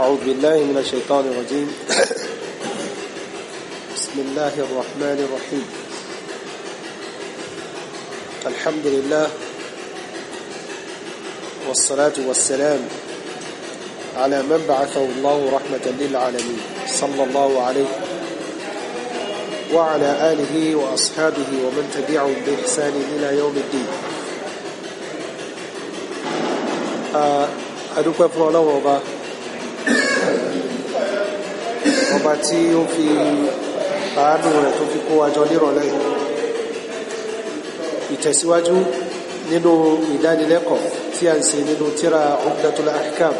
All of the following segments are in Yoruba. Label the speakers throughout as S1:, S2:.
S1: أعوذ بالله من الشيطان الرجيم بسم الله الرحمن الرحيم الحمد لله والصلاة والسلام على من بعثه الله رحمة للعالمين صلى الله عليه وعلى آله وأصحابه ومن تبعهم بإحسان إلى يوم الدين آه، أدوك فلو الله tí ó fi àádùn rẹ̀ tó fi kó àjọ nírọ̀lẹ́ ìtẹ̀síwájú nínú ìdánilẹ́kọ̀ọ́ tí a ń ṣe nínú tíra Umdatul Ahkam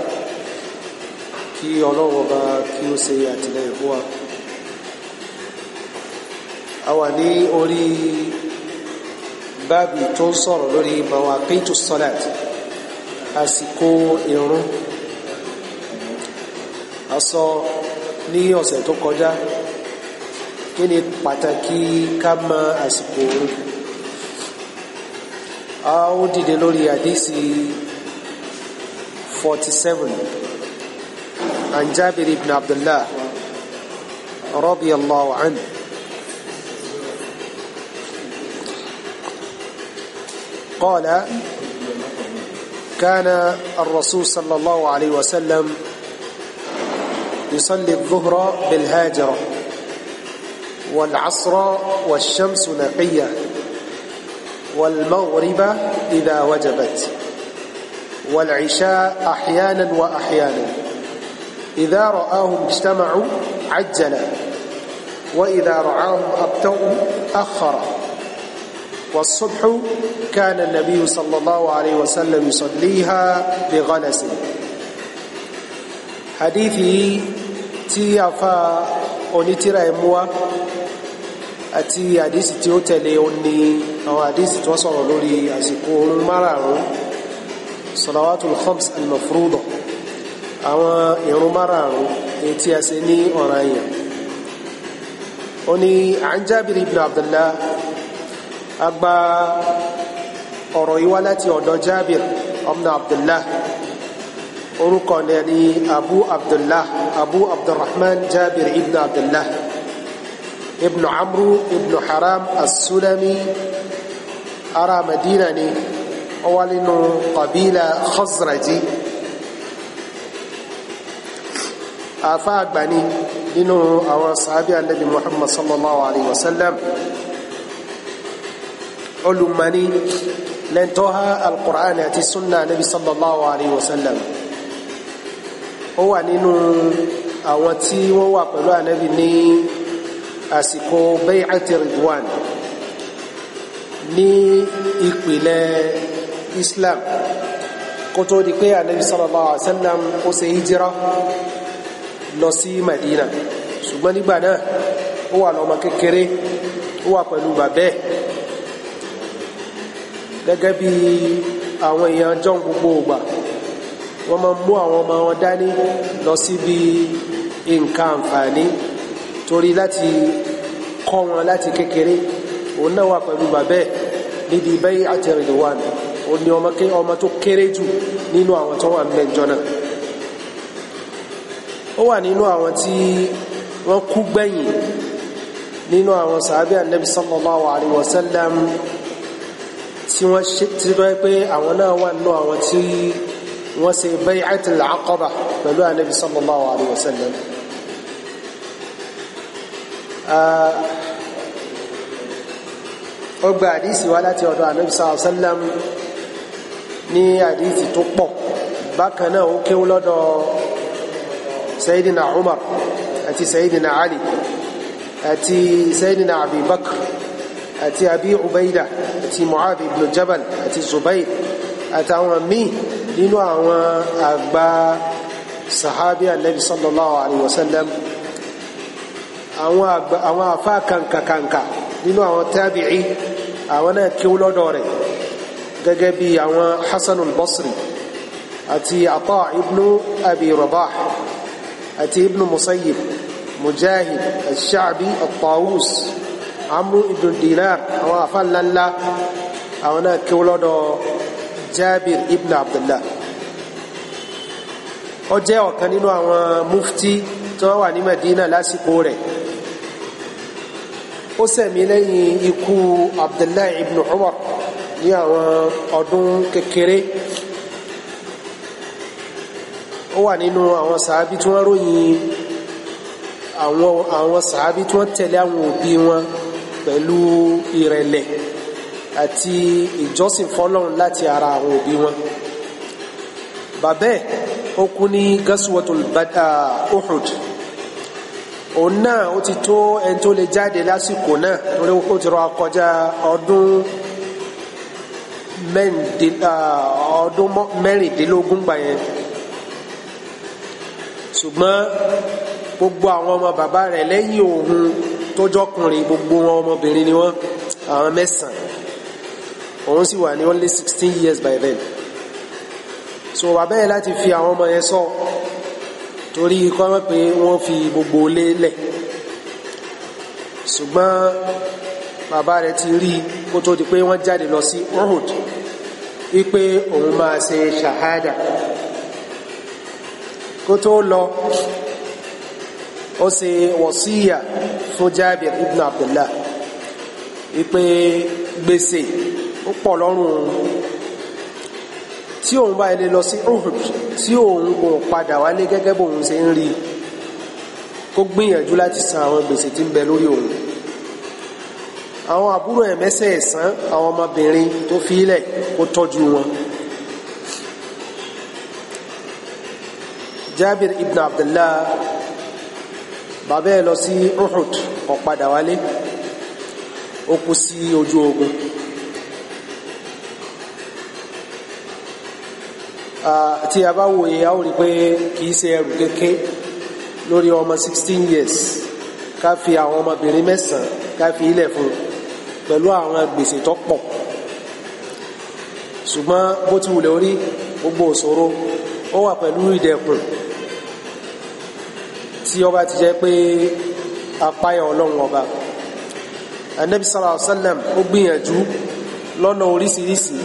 S1: kí ọlọ́wọ́ bá kí ó ṣe àtìlẹ́yìn fún wa a wà ní orí báàbì tó ń sọ̀rọ̀ lórí mawaqitu salat àsìkò ìrun a sọ ní ọ̀sẹ̀ tó kọjá kí ni pàtàkì ká mọ àsìkò òru a ó dìde lórí àdísì 47 عن جابر بن عبد الله رضي الله عنه قال كان الرسول صلى الله عليه وسلم يصلي الظهر بالهاجرة والعصر والشمس نقية والمغرب إذا وجبت والعشاء أحيانا وأحيانا إذا رآهم اجتمعوا عجل وإذا رعاهم أبتؤوا أخر والصبح كان النبي صلى الله عليه وسلم يصليها بغلس حديثه tí afa onítìrà ẹ̀ mú wá àti àdísì tí ó tẹ̀lé ó ní àwọn àdísì tí wọ́n sọ̀rọ̀ lórí àsìkò oorun márààrún salawatul khams al-mafruḍa àwọn ìrun márààrún èyí tí a ṣe ní ọ̀ranyàn ó ní an ibn Abdullah agba ọ̀rọ̀ yìí láti ọ̀dọ̀ Jabir ibn Abdullah orúkọ rẹ̀ ni abu abdullah abu abdulrahman jabir ibn abdullah ibn amru ibn haram as-sulami ará madina ni ó wà nínú qabila khazraji afa àgbàni nínú àwọn sàábí anabi muhammad sallallahu alayhi wa sallam olùmọ̀ni lẹ́ntọ́ha alqur'an àti sunna anabi sallallahu alayhi wa sallam ó wà nínú àwọn tí wọ́n wà pẹ̀lú ànábì ní àsìkò bay'at ridwan ní ìpìlẹ̀ islam kó tó di pé ànábì sallallahu alaihi wasallam ó ṣe hijira lọ sí madina ṣùgbọ́n nígbà náà ó wà lọ́mọ kékeré ó wà pẹ̀lú bàbẹ́ gẹ́gẹ́ bí àwọn èèyàn jọ́ gbogbo ògbà wọ́n máa mú àwọn ọmọ wọn dání lọ síbi nǹkan àǹfààní torí láti kọ́ wọn láti kékeré òun náà wà pẹ̀lú bàbẹ́ níbi bẹ́ẹ̀ àtẹ̀rìndòwàn òun ni ọmọ tó kéré jù nínú àwọn tó wà ń bẹ́ẹ̀ náà ó wà nínú àwọn tí wọ́n kú gbẹ̀yìn nínú àwọn sàábí ànábì sallallahu alaihi wasallam tí wọ́n ṣe tí wọ́n pé àwọn náà wà nínú àwọn tí wọ́n ṣe bay'atul aqaba pẹ̀lú anabi sallallahu alayhi wa sallam ah, ó gba àdísì wá láti ọ̀dọ̀ anabi sallallahu alayhi wa sallam ní àdísì tó pọ̀ bákan náà ó kéwú lọ́dọ̀ sayidina umar àti sayidina ali àti sayidina abi àti abi ubaida àti mu'adh ibn àti zubair àtàwọn míì nínú àwọn àgbà sahabi anabi sallallahu alayhi wa sallam àwọn àgbà àwọn afa kankankanka nínú àwọn tabi'i àwọn náà kí ó lọ́dọ̀ rẹ̀ gẹ́gẹ́ bí àwọn hasan al-basri àti ata ibnu abi rabah àti ibnu musayyib mujahid al-sha'bi al-tawus amru ibn dinar àwọn afa ńláńlá àwọn náà kí lọ́dọ̀ rẹ̀ Jabir ibn Abdullah ó jẹ́ ọ̀kan nínú àwọn mufti tó wà ní Madina lásìkò rẹ̀ ó ṣẹ̀mí lẹ́yìn ikú Abdullah ibn Umar ní àwọn ọdún kékeré ó wà nínú àwọn sàábí tí wọ́n ròyìn àwọn àwọn sàábí tí wọ́n tẹ̀lé àwọn òbí wọn pẹ̀lú ìrẹ̀lẹ̀ àti ìjọsìn fọ́lọ́run láti ara àwọn òbí wọn bàbẹ́ ó kú ní gaswatul uhud òun náà ó ti tó ẹni tó lè jáde lásìkò náà torí ó ti rọ akọjá ọdún ọdún mẹ́rìndínlógún gbà yẹn ṣùgbọ́n gbogbo àwọn ọmọ bàbá rẹ̀ lẹ́yìn òun tó gbogbo wọn ọmọbìnrin ni wọ́n àwọn mẹ́sàn òun sì wà ní only sixteen years by then so wà bẹ́ẹ̀ láti fi àwọn ọmọ yẹn sọ torí kọ́ mọ̀ pé wọ́n fi gbogbo lé lẹ̀ ṣùgbọ́n bàbá rẹ̀ ti rí kó tó di pé wọ́n jáde lọ sí Uhud wípé òun máa ṣe ṣàhádà kó tó lọ ó ṣe wọ̀síyà fún Jabir ibn Abdullah wípé gbèsè ó pọ̀ lọ́rùn òun tí òun bá ilé lọ sí Uhud tí òun kò padà wálé gẹ́gẹ́ bó òun ṣe ń rí kó gbìyànjú láti san àwọn gbèsè tí ń bẹ lórí òun àwọn àbúrò ẹ̀ mẹ́sẹ̀ẹ̀sán àwọn ọmọbìnrin tó fi kó tọ́jú wọn Jabir ibn Abdullah bàbá ẹ̀ lọ sí Uhud ó padà wálé ó kú sí ojú ogun tí a bá wòye a ó rí pé kìí ṣe ẹrù kéke lórí ọmọ sixteen years ká fi àwọn ọmọbìnrin mẹ́sàn-án ká fi ilẹ̀ fún pẹ̀lú àwọn gbèsè tó pọ̀ ṣùgbọ́n bó ti wùlẹ̀ orí gbogbo òṣòro ó wà pẹ̀lú ìdẹ̀kùn tí ó bá ti jẹ́ pé apáyà ọlọ́run ọba anabi sallallahu alaihi wasallam ó gbìyànjú lọ́nà oríṣiríṣi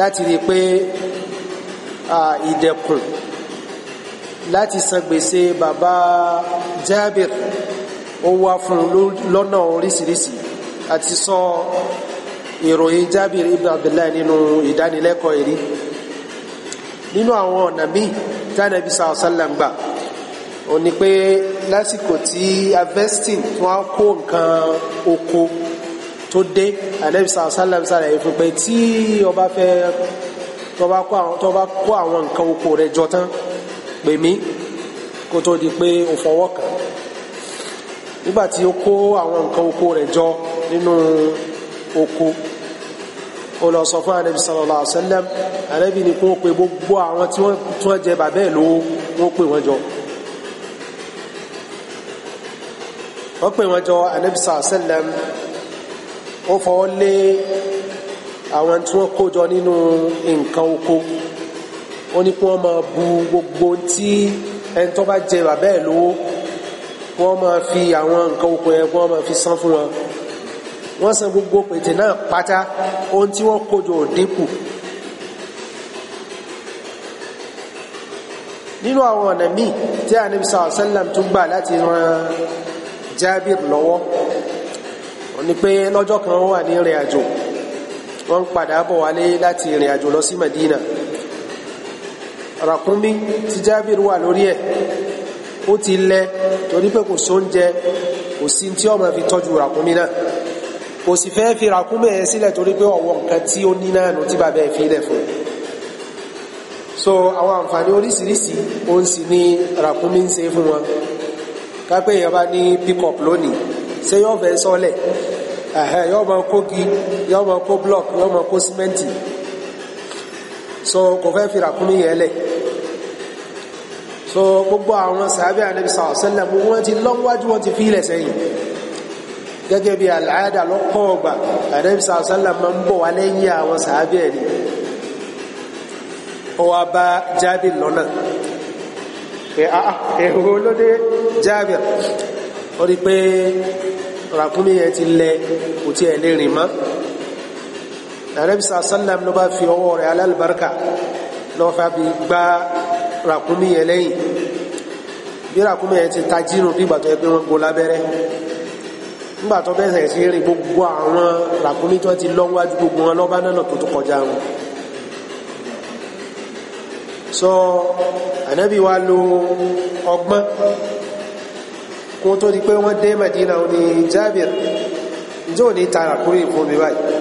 S1: láti rí i pé ìdẹ̀kùn láti san gbèsè bàbá Jabir ó wá fún lọ́nà oríṣiríṣi àti sọ ìròyìn Jabir ibn Abdullahi nínú ìdánilẹ́kọ̀ọ́ èrí nínú àwọn ọ̀nà míì tánàbí sàásàlám gbà ó ní pé lásìkò tí avestin tí wọ́n kó nǹkan oko tó dé ànábì sàásàlám sàlàyé fún pé tí ọba fẹ́ tó bá kó àwọn nǹkan oko rẹ̀ jọ tán pè mí kó tó di pé o fọwọ́ kàn nígbà tí ó kó àwọn nǹkan oko rẹ̀ jọ nínú oko ó lọ sọ fún anabi sallallahu alaihi wasallam anabi ni kó pe gbogbo àwọn tí wọ́n jẹ bàbá ẹ̀ lówó wọ́n pè wọ́n jọ. wọ́n pè wọ́n jọ anabi sallallahu alaihi wasallam ó fọwọ́ lé àwọn tí wọ́n kó jọ nínú nǹkan oko ó ní kí wọ́n máa bu gbogbo tí ẹni tó bá jẹ bàbá ẹ̀ lówó wọ́n máa fi àwọn nǹkan oko yẹn wọ́n máa fi san fún wọn wọ́n san gbogbo pètè náà pátá ohun tí wọ́n kó jọ ò dínkù. nínú àwọn ọ̀nà míì tí Ànábì sallallahu alaihi wasallam tún gbà láti ran Jábìr lọ́wọ́ ó ní pé lọ́jọ́ kan wà ní ìrìn àjò wọ́n padà bọ̀ wálé láti ìrìn àjò lọ sí Madina ràkúnmí tí Jábìrì wà lórí ẹ̀ ó ti lẹ torí pé kò sóúnjẹ kò sí tí ó máa fi tọ́jú ràkúnmí náà kò sì fẹ́ fi ràkúnmí ẹ̀ sílẹ̀ torí pé ọ̀wọ́ nǹkan tí ó ní náà nù tí bàbá ẹ̀ fi lẹ̀ fún so àwọn àǹfààní oríṣiríṣi òun sì ni ràkúnmí ń ṣe fún wọn kápẹ́ èèyàn bá ní pick up lónìí ṣé yóò fẹ́ sọ́lẹ̀ ẹ̀hẹ́ yọ́ ma kó gi yọ́ ma kó block yọ́ ma kó so kò fẹ́ fi ràkúnmí yẹn so gbogbo àwọn sàábẹ́ ànábi sàwọ̀ sẹ́lẹ̀ wọn ti lọ́wọ́jú wọn ti fi ilẹ̀ yi. Gege bi al'ada lọ́pọ̀ ọgbà ànábi sàwọ̀ ma ń bọ̀ awọn lẹ́yìn àwọn ni ó bá Jábìr Rakumi yẹn ti lẹ kò tí ẹ lè rìn mọ́ àrẹ́bísà sálàm ló bá fi ọwọ́ rẹ̀ alálùbáríkà lọ́wọ́ fà bí gbá ràkúnmí yẹn lẹ́yìn bí ràkúnmí yẹn ti tajírun bí gbàtọ́ ẹgbẹ́ wọn gbó lábẹ́rẹ́ nígbà tó bẹ́sẹ̀ sí rìn gbogbo àwọn ràkúnmí tó ti lọ́wájú gbogbo wọn lọ́ba náà tó tún kọjá wọn sọ ànábì wa lo ọgbọ́n kó tó di pé wọ́n dé Madina ó ní Jabir ǹjẹ́ ò ní ta ràkúnmí fún mi báyìí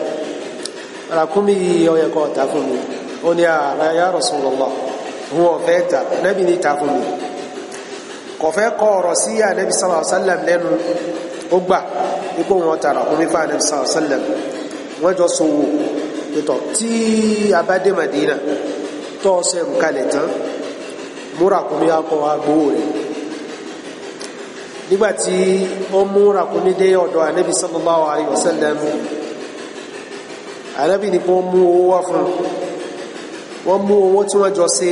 S1: ràkúnmí ọyẹ ta fún mi ó ní ààrẹ ya Rasulullah wọn ò fẹ́ ta nẹ́bí ní ta fún mi kò fẹ́ kọ ọ̀rọ̀ sí ànẹ́bí sallallahu alaihi wasallam lẹ́nu ó gbà ipò wọn ta ràkúnmí fún ànẹ́bí sallallahu wọ́n jọ sòwò ìtọ̀ tí a bá dé Madina tọ́ ọ̀sẹ̀ mú kalẹ̀ tán múra kùnmí akọ agbowó rẹ̀ nígbàtí ó mú ràkúnmí dé ọ̀dọ̀ ànábì sallallahu alayhi wa sallam ànábì ní kó mú owó wá fún wọ́n mú owó tí wọ́n jọ ṣe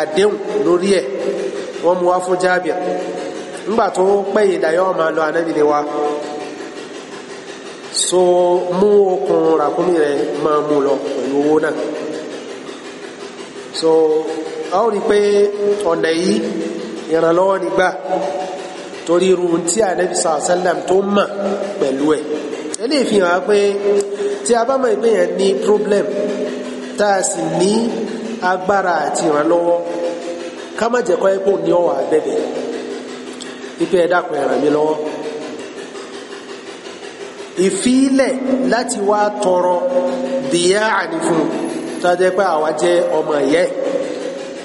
S1: àdéhùn lórí ẹ̀ wọ́n mú wá fún Jábìr nígbà tó pẹ̀yìn dayọ́ máa lọ ànábì ní wa so mú okùn ràkúnmí rẹ̀ máa mú lọ pẹ̀lú owó náà so a ó rí pé ọ̀nà yìí ìrànlọ́wọ́ nígbà torí irú tí ànábì sàásálàm tó mọ̀ pẹ̀lú ẹ̀ eléyìí fi hàn pé tí a bá mọ̀ pé yẹn ní problem tá a sì ní agbára àti ìrànlọ́wọ́ ká má jẹ́ kọ́ ẹ́ pò ní ọ̀wà bẹ̀bẹ̀ ipe ẹ dákun ẹ ràn mí lọ́wọ́ ìfilẹ̀ láti wá tọrọ dìyà ànífún tó pé àwa jẹ́ ọmọ ìyẹ́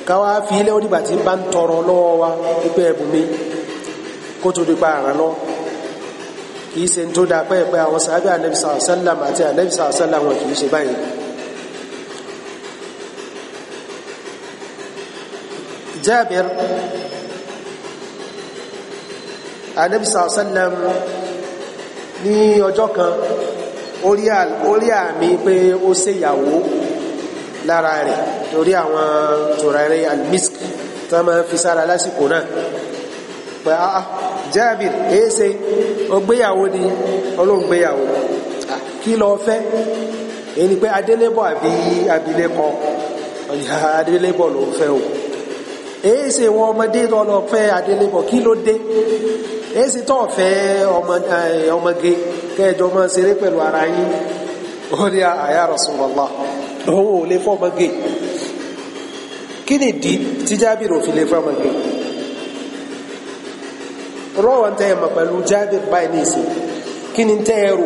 S1: ká fi ilé onígbà tí bá ń tọrọ lọ́wọ́ wa ipe ẹ̀bùn kó tó di pa àràn lọ kìí ṣe tó da pẹ́ẹ́pẹ́ àwọn sàábì ànẹ́bìsà ọ̀sẹ́làm àti ànẹ́bìsà ọ̀sẹ́làm wọn kìí ṣe báyìí Jabir ànẹ́bìsà ọ̀sẹ́làm ní ọjọ́ kan orí àmì pé ó ṣe lára rẹ̀ torí àwọn tòràrí almisk tó máa fi sára lásìkò náà pé áá ah, ah, Jabir èése ogbeyawo ni ọlọ́run gbéyàwó kí lọ fẹ́ èyí ni pé adélébọ̀ àbí abilékọ adélébọ̀ o eese wọn ọmọdé tó lọ fẹ́ adélébọ̀ kí ló dé èése tó fẹ́ ọmọge kẹjọ ma sere pelu ara yín ó ní Rasulullah òun ò lè fọ́ ọmọge kí nìdí Jabir ò fi rọ́wọ́ ń tẹ́yẹ̀ mọ̀ pẹ̀lú Jabir báyìí ní ìsìn kí ni tẹ́yẹ̀ rò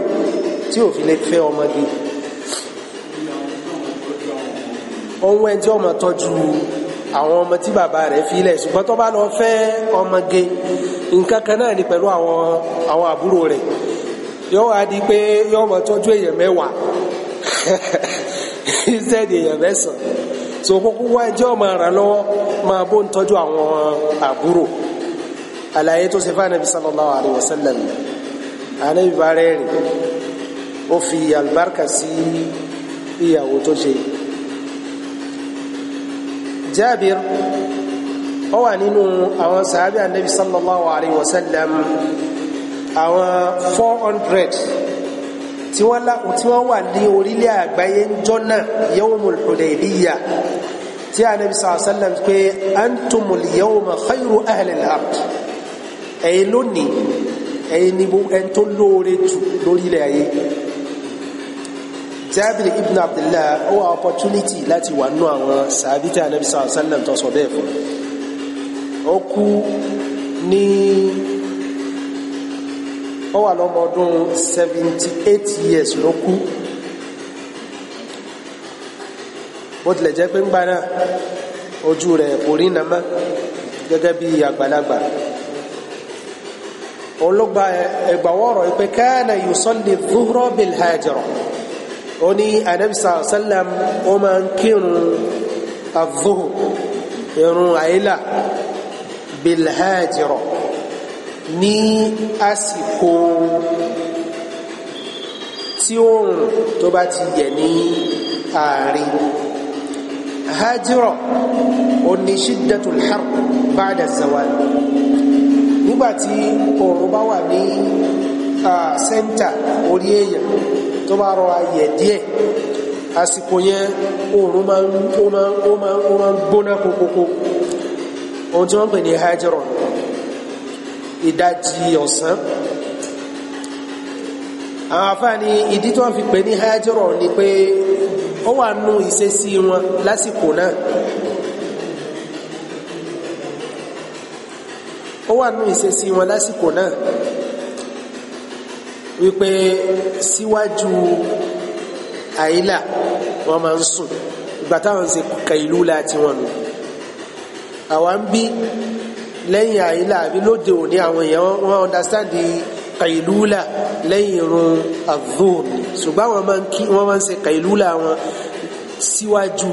S1: tí ò fi lè fẹ́ ọmọge ohun ẹni tí ọmọ tọ́jú àwọn ọmọ tí bàbá rẹ̀ filẹ̀ ṣùgbọ́n tó bá lọ fẹ́ ọmọge nǹkan kan náà ni pẹ̀lú àwọn àbúrò rẹ̀ yóò wá di pé yóò mọ tọ́jú èèyàn mẹ́wàá instead èèyàn mẹ́sàn-án so kókó wá ẹjọ́ máa ràn lọ́wọ́ máa bó ń tọ́jú àwọn àbúrò àlàyé tó ṣe fún anabi sallallahu alayhi wa sallam anabi bá rẹ́rìn ó fi àlùbáríkà sí ìyàwó tó ṣe Jabir ó wà nínú àwọn sàábì anabi sallallahu alayhi wa sallam àwọn four hundred tí wọ́n wà ní orílẹ̀ àgbáyé jọ́nà yawmul Hudaybiyah tí anabi sallallahu alayhi wa sallam pé antumul yawma khayru ahlil ard. ẹ̀yin lónìí ẹ̀yin ni ẹn tó lóore lórí lórílẹ̀ ayé Jabir ibn Abdullah ó wà opportunity láti wà nù àwọn sàbítà anabi sàlọ sàlẹm tó sọ bẹ́ẹ̀ fún ó kú ní ó wà lọ́mọ ọdún years ló kú bó tilẹ̀ ojú rẹ̀ orí nàmá gẹ́gẹ́ bí àgbàlagbà. olùgbà ẹgbàwọ́rọ̀ pé kana yusalli dhuhra bil hajra ó ní anabisa sallam ó máa ń kírun adhuhr irun àìlà bil hajra ní àsìkò tí oòrùn tó bá ti yẹ̀ ní ààrin hajra ó shiddatul harb ba'da zawal nígbàtí oòrùn bá wà ní sẹ́ńtà orí èèyàn tó bá rọ ayẹ̀ díẹ̀ àsìkò yẹn oòrùn máa ń gbóná kókókó ohun tí wọ́n pè ní hajjọ́rọ̀ ìdajì ọ̀sán àwọn afáàní ìdí tí wọ́n fi pè ní hajjọ́rọ̀ ni pé ó wà nù ìṣesí wọn lásìkò náà ó wà nínú ìṣesí wọn lásìkò náà wípé síwájú àìlà wọn máa ń sùn ìgbà táwọn ṣe kàìlú láti wọn nù àwa ń bí lẹ́yìn àìlà àbí lóde òní àwọn èèyàn wọn understand kàìlúlà lẹ́yìn irun adhuhur ṣùgbọ́n wọn máa ń ṣe kàìlúlà wọn síwájú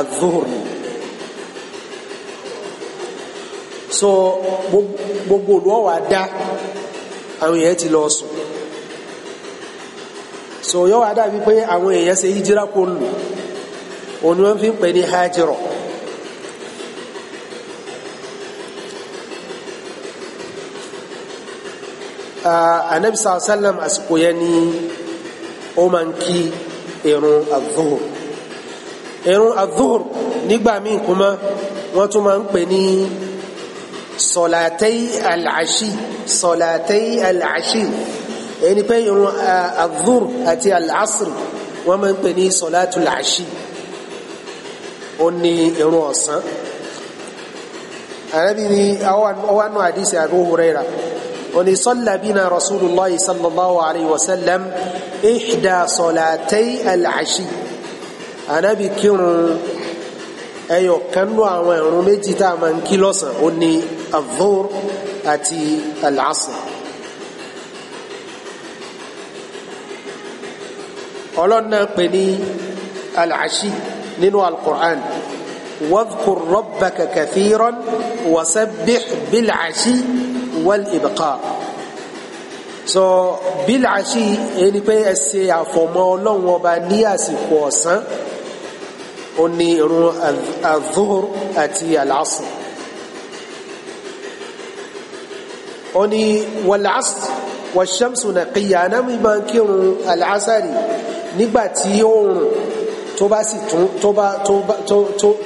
S1: adhuhur ni. so gbogbo olú ọ̀wà dá àwọn èèyàn ti lọ sùn so yọ wá dàbí pé àwọn èèyàn ṣe hijira kó lù òun ni wọ́n fi ń pè ní hajirọ̀ anabi sàl sàlám àsìkò yẹn ni ó máa ń kí irun adúhùr irun adúhùr nígbà míì kúmá wọ́n tún máa ń pè ní. صلاتي العشي صلاتي العشي يعني بي الظهر أتي العصر ومن بني صلاة العشي أني إنوصا أنا بني أنو حديث أبو هريرة أني صلى بنا رسول الله صلى الله عليه وسلم إحدى صلاتي العشي أنا بكير أيو كانوا عوان رميتي تاما كيلوسا أني الظهر أتي العصر قلنا بني العشي ننوى القرآن واذكر ربك كثيرا وسبح بالعشي والإبقاء so bilasi ẹni pé ẹ ṣe àfọ̀mọ́ Ọlọ́run ọba ní àsìkò ọ̀sán ó ní irun adúhùr àti àlásùn ó ní wàlásì wàṣẹ́mùsù nàkìyà anámi máa ń kírun àlásàrì nígbà tí oòrùn tó bá sì tún tó bá tó tó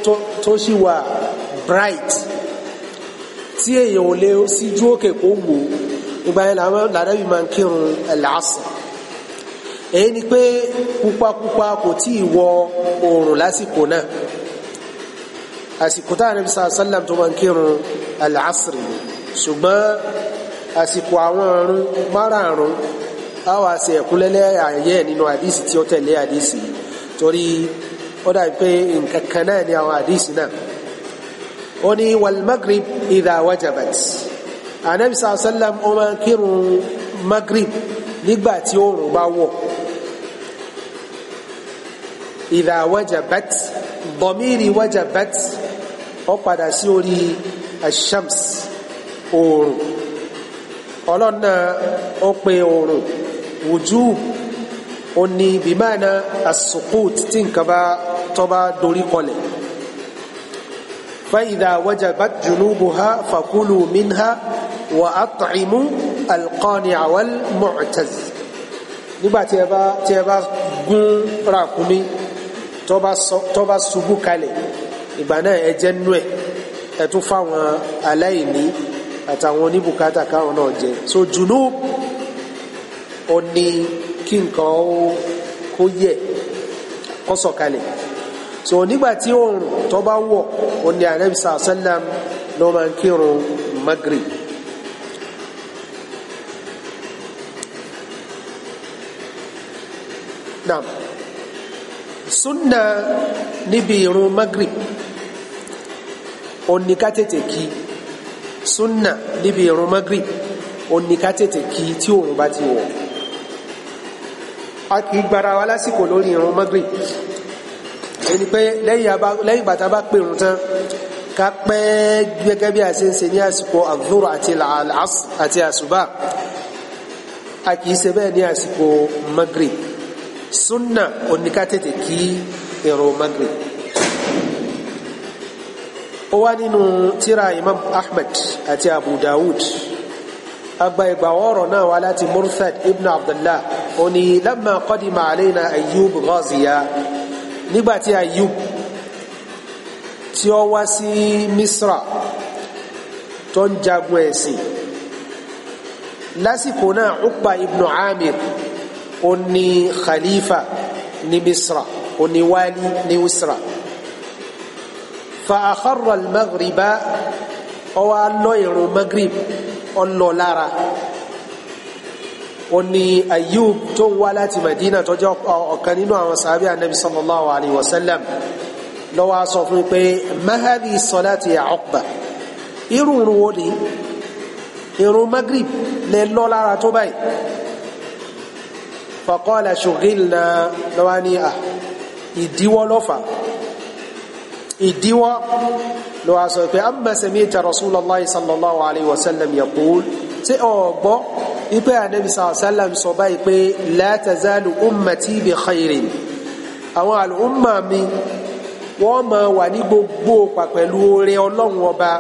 S1: tó tó sì wà bright tí èèyàn ò lè síjú òkè kó wò ìgbà yẹn làdábì máa ń kírun àlásì èyí ni pé pupapupa kò tí ì wọ oòrùn lásìkò náà àsìkò táà nàbì sàlám tó máa ń kírun àlásìrì ṣùgbọ́n àsìkò àwọn ọrùn márààrún a wà ṣe ẹ̀kúnlẹ́lẹ́ àyẹ nínú àdìsí tí ó tẹ̀lé àdìsí torí ó dàbí pé nǹkan kan náà ni àwọn àdìsí náà ó ní wal magrib idha wajabat anabi sallam ó máa kírun magrib nígbà tí oòrùn bá wọ̀ idha wajabat dhamiri wajabat ó padà sí orí ashams oòrùn ọlọ́run náà ó pe oòrùn wùjú ó ní bìmáàna as-suqut tí nǹkan bá tọ́ bá dorí kọlẹ̀ fa idha wajabat junubuha fakulu minha wa at'imu al-qani'a wal-mu'taz nígbà tí ẹ bá ẹ bá gún ràkúnmí tó bá kalẹ̀ ìgbà náà ẹ jẹ nú ẹ ẹ tún fáwọn aláìní àtàwọn oníbùkátà káwọn náà jẹ so junub ó ní kí nǹkan kó yẹ kó sọ̀kalẹ̀ so nígbà tí òun tó bá wọ̀ ó ní Ànábì sallam ló máa ń kírun Maghrib naam sunna níbi ìrun Maghrib ó ní ká tètè kí i súnà níbi ìrun magrib ó ní ká tètè kí tí òun bá ti wọ̀ a kì í gbara wa lásìkò lórí ìrun magrib ẹni pé lẹ́yìn bàtà bá pè ìrun tán ká pẹ́ gẹ́gẹ́ bí a ṣe ń ṣe ní àsìkò àdúrà àti àsùbà a kì í bẹ́ẹ̀ ní àsìkò magrib súnà ó ní ká tètè kí ìrun magrib ó wá nínú tíra imam ahmed àti abu dawud agba ìgbà ọ̀rọ̀ náà wá láti murthad ibn abdullah ó ní lamma qadima alayna ayyub ghaziya nígbà tí ayyub tí ó wá sí misra tó ń jagun ẹ̀sìn lásìkò náà Uqba ibn Amir ó ní khalifa ní misra ó ní wali ní misra. فأخر المغرب أو الليل المغرب اللولارا ó ní Ayub tó wá láti Madina tó jẹ́ ọ̀kan nínú àwọn sàábí Ànábì sallallahu alayhi wa sallam ló wá sọ fún pé mahadi salati ya Uqba irun wo ni irun Maghrib lè lọ lára tó báyìí faqala shughilna ló wá ní à ah, ìdíwọ́ lọ́fà ìdíwọ́ ló wá sọ pé amma sami'ta rasulullahi sallallahu alayhi wa sallam yaqul tí ọ̀gbọ́ wípé ànábì sallam sọ báyìí pé la tazalu ummati bi khairin àwọn àlùmọ̀ mi wọ́n máa wà ní gbogbo pa pẹ̀lú oore ọlọ́run ọba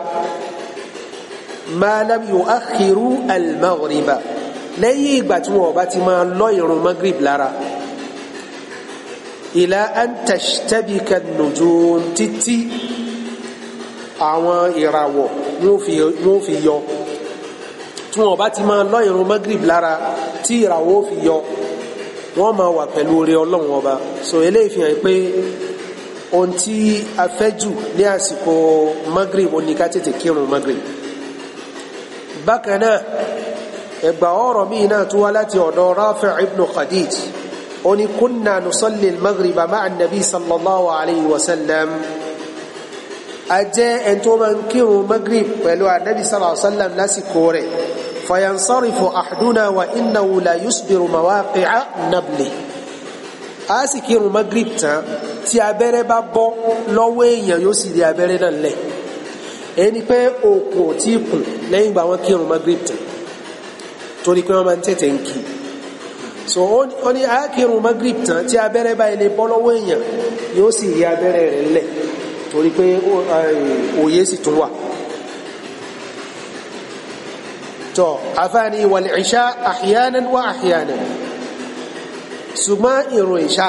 S1: ìlà antashtabika nujum títí àwọn ìràwọ̀ wọ́n fi yọ tí wọ́n bá ti máa lọ ìrun magrib lára tí ìràwọ̀ ó fi yọ wọ́n máa wà pẹ̀lú oore ọlọ́run ọba so eléyìí fi hàn pé ohun tí a fẹ́ jù ní àsìkò magrib ó ní tètè kírun magrib bákan náà ẹgbà ọ̀rọ̀ míì náà tún wá láti ọ̀dọ̀ Rafi' ibn Khadij oni kunna nusalli al-maghriba ma'a an-nabi sallallahu alayhi wa sallam ajẹ́ ẹni tó máa ń kírun maghrib pẹ̀lú anabi sallallahu alayhi wa sallam lásìkò rẹ̀ fayansarifu ahduna wa innahu la yusbiru mawaqi'a nabli a sì kírun maghrib tán tí abẹ́rẹ́ bá bọ́ lọ́wọ́ èèyàn yóò sì rí ẹni pé òkun tí kùn lẹ́yìn ìgbà wọn kírun maghrib tán torí pé wọ́n máa ń tètè ń kí so ó ní àákìrún magrib tán tí abẹ́rẹ́ báyìí lè bọ́ lọ́wọ́ èèyàn yóò sì rí abẹ́rẹ́ rẹ̀ lẹ̀ torí pé eh, òye sì tún wà tọ́ afáàní wal isha ahyanan wa ahyanan ṣùgbọ́n ìrun isha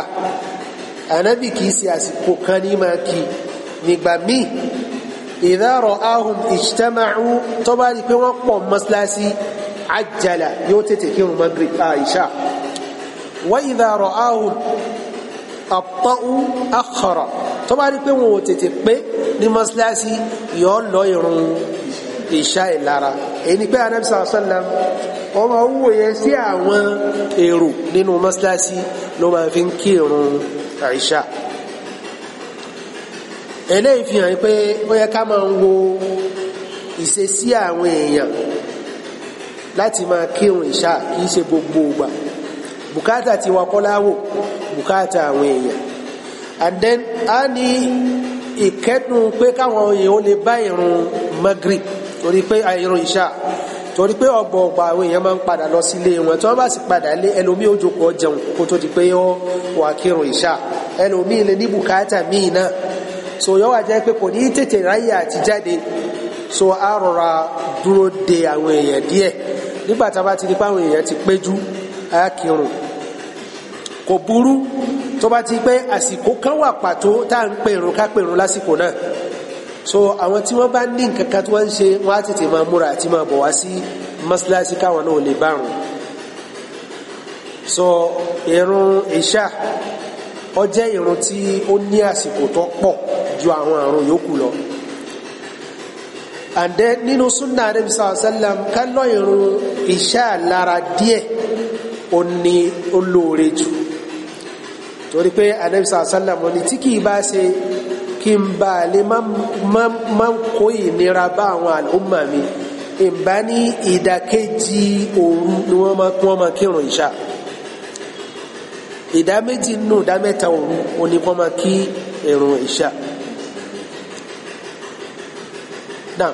S1: ànábì kìí ṣe àsìkò kan ní máa kí nígbà míì idha ra'ahum ijtama'u tó bá rí pé wọ́n pọ̀ mọ́sálásí ajjala yóò tètè kírun magrib àìṣà ah, وإذا رآه الطأ أخر tó bá rí pé wọn ò tètè pé ní mọ́síláṣí yọ lọ ìrun ìṣá ìlara èyí ni pé anabisa sallam ọmọ owó yẹn sí àwọn èrò nínú mọ́síláṣí ló máa fi fi hàn pé ó yẹ ká máa wo ìṣesí àwọn èèyàn láti máa kírun ìṣá kì í ṣe gbogbo ìgbà. Bukata ti wa kọ́ láwò bùkátà àwọn èèyàn and then a ní ìkẹ́dùn pé káwọn èèyàn ó lè bá ìrun magrib torí pé ìrun ìṣà torí pé ọ̀gbọ̀ ọ̀gbà àwọn èèyàn máa ń padà lọ sílé wọn tí wọ́n bá sì padà lé ẹlòmíì òjòkó jẹun kó tó di pé ó wà kírun ìṣà ẹlòmíì lè ní bùkátà míì náà so yọ wà jẹ́ pé kò ní tètè ráyè àti so a rọra dúró de àwọn èèyàn díẹ̀ nígbà tá a bá ti di pé àwọn èèyàn ti péjú a kírun kò burú tó bá ti pé àsìkò kan wà pàtó tá à ń pèrún ká pèrún lásìkò náà so àwọn tí wọ́n bá ní nǹkan kan tí wọ́n ń ṣe wọ́n á tètè máa múra àti máa bọ̀ wá sí mọ́sálásí káwọn náà lè bá so ìrun ìṣá ó jẹ́ ìrun tí ó ní àsìkò tó pọ̀ ju àwọn àrùn yòókù lọ and then nínú súnà àdébí sàlám ká lọ ìrun ìṣá lára díẹ̀ ó ní olóore jù torí pé anabi sàlám ní tí kì í bá ṣe kí n bá lè má kó ìnira bá àwọn àlùmọ̀ mi ìbá ní ìdákejì òru ni wọ́n máa kírun ìṣá ìdá méjì nù ìdá mẹ́ta òru òní kọ́ máa kí ìrun ìṣá. náà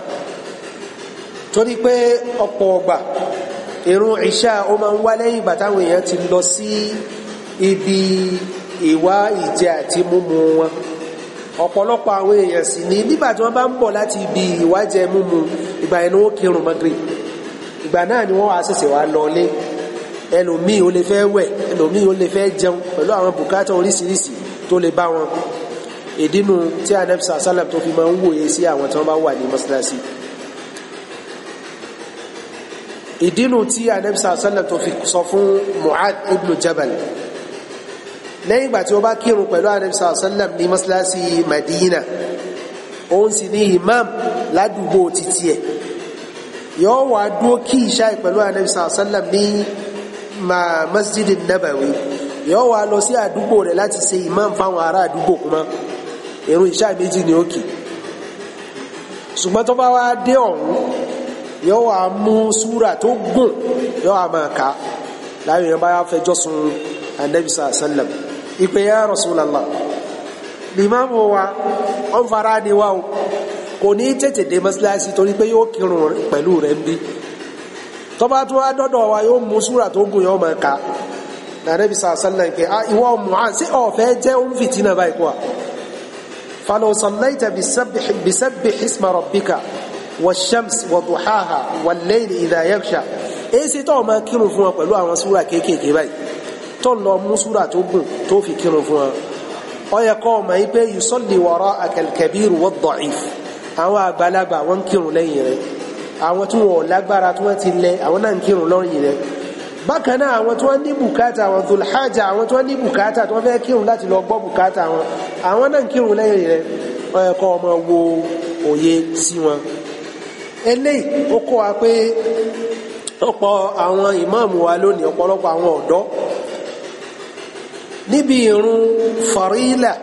S1: torí pé ọ̀pọ̀ ọgbà ìrun ìṣá ó máa ń wá lẹ́yìn ìgbà táwọn èèyàn ti lọ sí ibi ìwà ìjẹ àti múmu wọn ọ̀pọ̀lọpọ̀ àwọn èèyàn sì ni nígbà tí wọ́n bá ń bọ̀ láti ibi ìwájẹ múmu ìgbà yẹn ni wọ́n kírun Maghrib ìgbà náà ni wọ́n wá ṣẹ̀ṣẹ̀ wá lọlé ẹlòmíì ó lè fẹ́ wẹ̀ ẹlòmíì ó lè fẹ́ jẹun pẹ̀lú àwọn bùkátà oríṣiríṣi tó lè bá wọn ìdínú tí Ànábì sàlám tó fi máa ń wòye sí àwọn tí wọ́n bá wà ní mọ́ṣáláṣí ìdínú tí Ànábì sàlám tó fi sọ fún Mu'ad ibn Jabal lẹ́yìn ìgbà tí ó bá kírun pẹ̀lú anabi sallam ní mọ́sálásí madina òun sì ní imam ládùúgbò títí ẹ̀ yóò wá dúró kí ìṣáì pẹ̀lú anabi sallam ní masjidin nabawi yóò wá lọ sí àdúgbò rẹ̀ láti ṣe imam fáwọn ará àdúgbò kuma irun ìṣáì méjì ni ó kì ṣùgbọ́n tó bá wá dé ọ̀hún yóò wá mú súra tó gùn yóò wá máa kà láàrin ìyẹn bá fẹjọ́ sun anabi sallam ìpè ya Rasulullah limamu wa ọ̀n fara ni wa o kò ní tètè dé mọ́síláṣí torí pé yóò kírun pẹ̀lú rẹ̀ ń bí tọ́ba tó wá dọ́dọ̀ wa yóò mú súrà tó gùn yóò máa ka nàdẹ́bí sàásánlá ìpè ìwọ Mu'adh sí ọ̀fẹ́ jẹ́ òun fìtínà báyìí kọ́ فلو صليت بسبح, بسبح اسم ربك والشمس وضحاها والليل إذا يغشى èyí sì tọ́ máa kírun fún wa pẹ̀lú àwọn súrà kéékèèké báyìí tó lọ mú súrà tó gùn tó fi kírun fún wa ó yẹ kó mọ̀ yí pé yusalli wara'aka al-kabir wad-da'if àwọn àgbàlagbà wọ́n ń kírun lẹ́yìn rẹ̀ àwọn tí wọ́n lágbára tí wọ́n ti lẹ àwọn náà ń kírun lọ́yìn rẹ̀ bákan náà àwọn tí wọ́n ní bùkátà àwọn zulhaja àwọn tí wọ́n ní bùkátà tí wọ́n fẹ́ kírun láti lọ gbọ́ bùkátà àwọn àwọn náà ń kírun lẹ́yìn rẹ̀ ó yẹ wo òye sí wọn eléyìí ó kọ́ wa pé ọ̀pọ̀ àwọn ìmáàmù wa lónìí ọ̀pọ̀lọpọ̀ àwọn ọ̀dọ́ níbi ìrun farila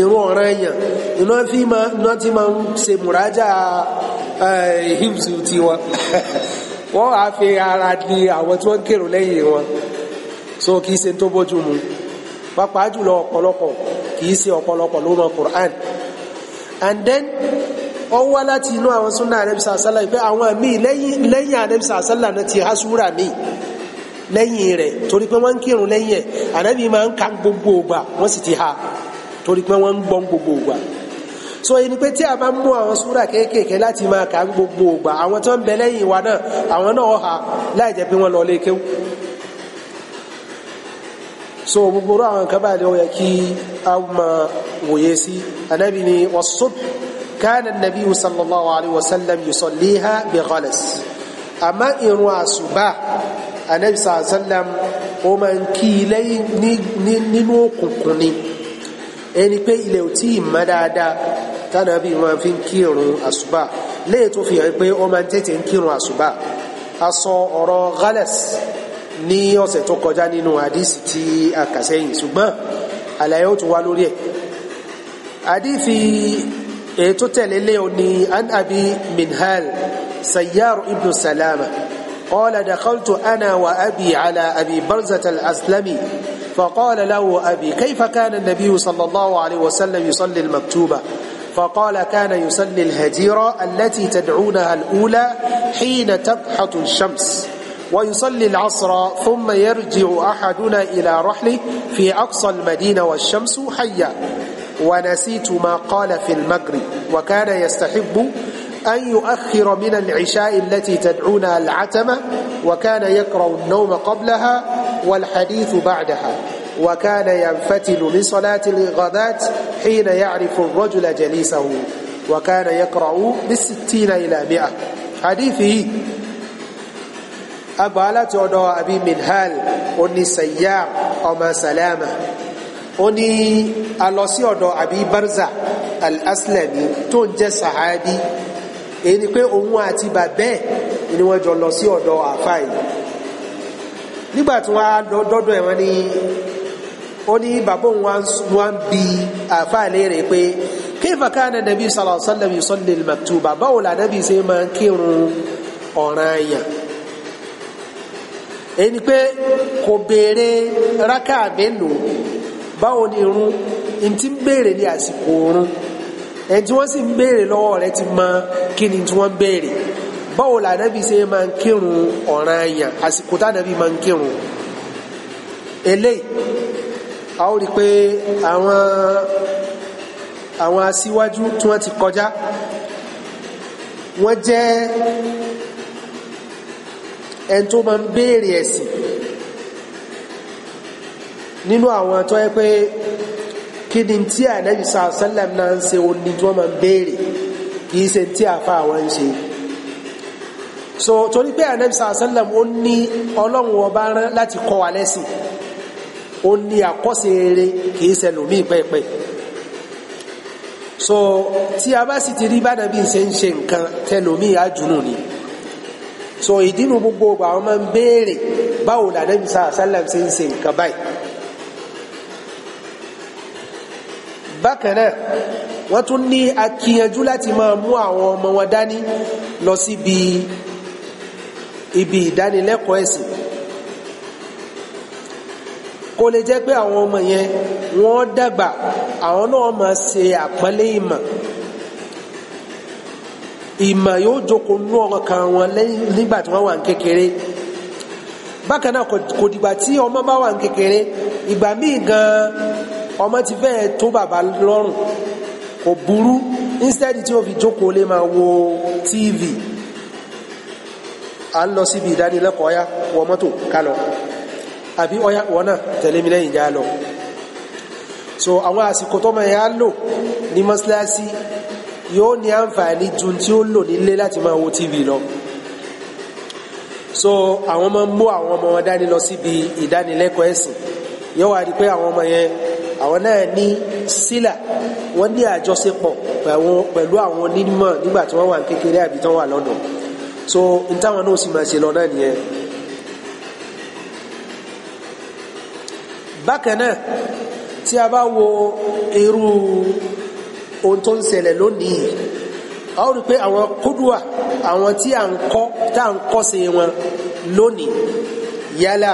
S1: ìrun ọ̀ranyàn iná tí máa ń ṣe mùrájà hibs eh, tiwọn wọ́n á fi ara di àwọn tí wọ́n ń kèrò lẹ́yìn wọn so kìí ṣe tó bójú mu pàápàá jùlọ ọ̀pọ̀lọpọ̀ kìí ṣe ọ̀pọ̀lọpọ̀ ló mọ Qur'an and then ó wá láti inú àwọn súnà anẹ́bísà sálà pé àwọn míì lẹ́yìn anẹ́bísà sálà náà ti há súrà míì lẹ́yìn rẹ̀ torí pé wọ́n ń kírun lẹ́yìn ẹ̀ ànábì máa ń ka gbogbo ògbà wọ́n sì ti ha torí pé wọ́n ń gbọ́ gbogbo ògbà so ẹni pé tí a bá mú àwọn súrà kéékèèké láti máa ka gbogbo ògbà àwọn tó ń bẹ lẹ́yìn wa náà àwọn náà ha láì jẹ́ pé wọ́n lọ lé kéwú so gbogbo àwọn nǹkan bá lè yẹ kí a máa wòye sí ànábì ni was-subh kana an-nabiy sallallahu alayhi wa anabi sàásálàm ó máa ń kí ilé nínú òkùnkùn ni ẹni pé ilẹ̀ ò tí ì mọ́ dáadáa tánàbí wọn fi ń kírun àṣùbà léè tó fi hàn pé ó máa ń tètè ń kírun àṣùbà a sọ ọ̀rọ̀ gálẹ̀s ní ọ̀sẹ̀ tó kọjá nínú àdísì tí a kà sẹ́yìn ṣùgbọ́n àlàyé ó tún wá lórí ẹ̀ àdífi èyí tẹ̀lé lé o ní minhal sayyar ibn salama قال دخلت أنا وأبي على أبي برزة الأسلمي فقال له أبي كيف كان النبي صلى الله عليه وسلم يصلي المكتوبة فقال كان يصلي الهجيرة التي تدعونها الأولى حين تبحط الشمس ويصلي العصر ثم يرجع أحدنا إلى رحله في أقصى المدينة والشمس حية ونسيت ما قال في المغرب وكان يستحب أن يؤخر من العشاء التي تدعونها العتمة وكان يقرأ النوم قبلها والحديث بعدها وكان ينفتل لصلاة الغداة حين يعرف الرجل جليسه وكان يقرأ بالستين إلى مئة حديثه أقبالت عدو أبي من هال أني سيار أما سلامة أني ألوسي عدو أبي برزة الأسلمي تنجى صحابي èyí ni pé òun àti bàbẹ́ ni wọ́n jọ lọ sí ọ̀dọ̀ àfáà yìí nígbà tí wọ́n á dọ́dọ̀ ẹ̀ wọ́n ní ó ní bàbá òun wá ń bi àfáà léèrè pé kéfà nàbí sallallahu alaihi wasallam yusalli al-maktuba báwo là nàbí ṣe máa ń kírun ọ̀ranyàn èyí ni pé kò béèrè rákà báwo ni irun ntí ń béèrè ní àsìkò oorun ẹni tí wọ́n sì ń béèrè lọ́wọ́ rẹ̀ ti mọ kí ni tí wọ́n ń béèrè báwo la nàbí ṣe máa ń kírun ọ̀ràn àyàn àsìkò tá nàbí máa ń kírun eléyìí a ó rí i pé àwọn àwọn aṣíwájú tí wọ́n ti kọjá wọ́n jẹ́ ẹni tó máa ń béèrè ẹ̀sìn nínú àwọn tó yẹ pé kí ni tí ànábì sàn sálẹ̀m náà ń ṣe òní tí wọ́n máa béèrè kì í ṣe tí àfa àwọn ń ṣe so torí pé ànábì sàn sálẹ̀m ó ní ọlọ́run ọba rán láti kọ́ wa lẹ́sìn ó ní àkọ́ṣe kì í ṣe lòmíì pẹ́ẹ́pẹ́ so tí a bá sì ti rí bánàbí ṣe ń ṣe nǹkan tẹlòmíì àjùnú ni so ìdínú gbogbo àwọn máa ń béèrè báwo làdẹ́bí sàn sálẹ̀m ṣe ń ṣe nǹkan báyìí bákanáà wọ́n tún ní akíyanjú láti máa mú àwọn ọmọ wọn dání lọ síbi ibi ìdánilẹ́kọ̀ọ́ ẹ̀sìn kó lè jẹ́ pé àwọn ọmọ yẹn wọ́n dàgbà àwọn náà máa ṣe àpọ́nlé ìmọ̀ ìmọ̀ yóò jókòó nú ọkàn wọn nígbà tí wọ́n wà kékeré bákan kò dìgbà tí ọmọ bá wà kékeré ìgbà míì gan-an ọmọ ti fẹ́ tó bàbá lọ́rùn kò burú instead tí ó fi jókòó lè máa wo tv à ń lọ síbi ìdánilẹ́kọ̀ọ́ ọ̀yá wọ mọ́tò ká lọ àbí ọ̀yá wọ́n náà tẹ̀lé mi lẹ́yìn já lọ so àwọn àsìkò tọ́mọ ẹ̀ á lò ní mọ́síláṣí yóò ní àǹfààní ju tí ó lò nílé láti máa wo tv lọ so àwọn ọmọ mú àwọn ọmọ wọn dání lọ síbi ìdánilẹ́kọ̀ọ́ ẹ̀sìn yóò wá di pé àwọn ọmọ yẹn àwọn náà ní sílà wọ́n ní àjọṣepọ̀ pẹ̀lú àwọn onímọ̀ nígbà tí wọ́n wà ní kékeré àbí tí wà lọ́dọ̀ so n táwọn náà sì máa ṣe lọ náà nìyẹn bákan náà tí a bá wo irú ohun tó ń ṣẹlẹ̀ lónìí a ó rí pé àwọn kúdùà àwọn tí à ń kọ́ tá à ń kọ́ sí wọn lónìí yálà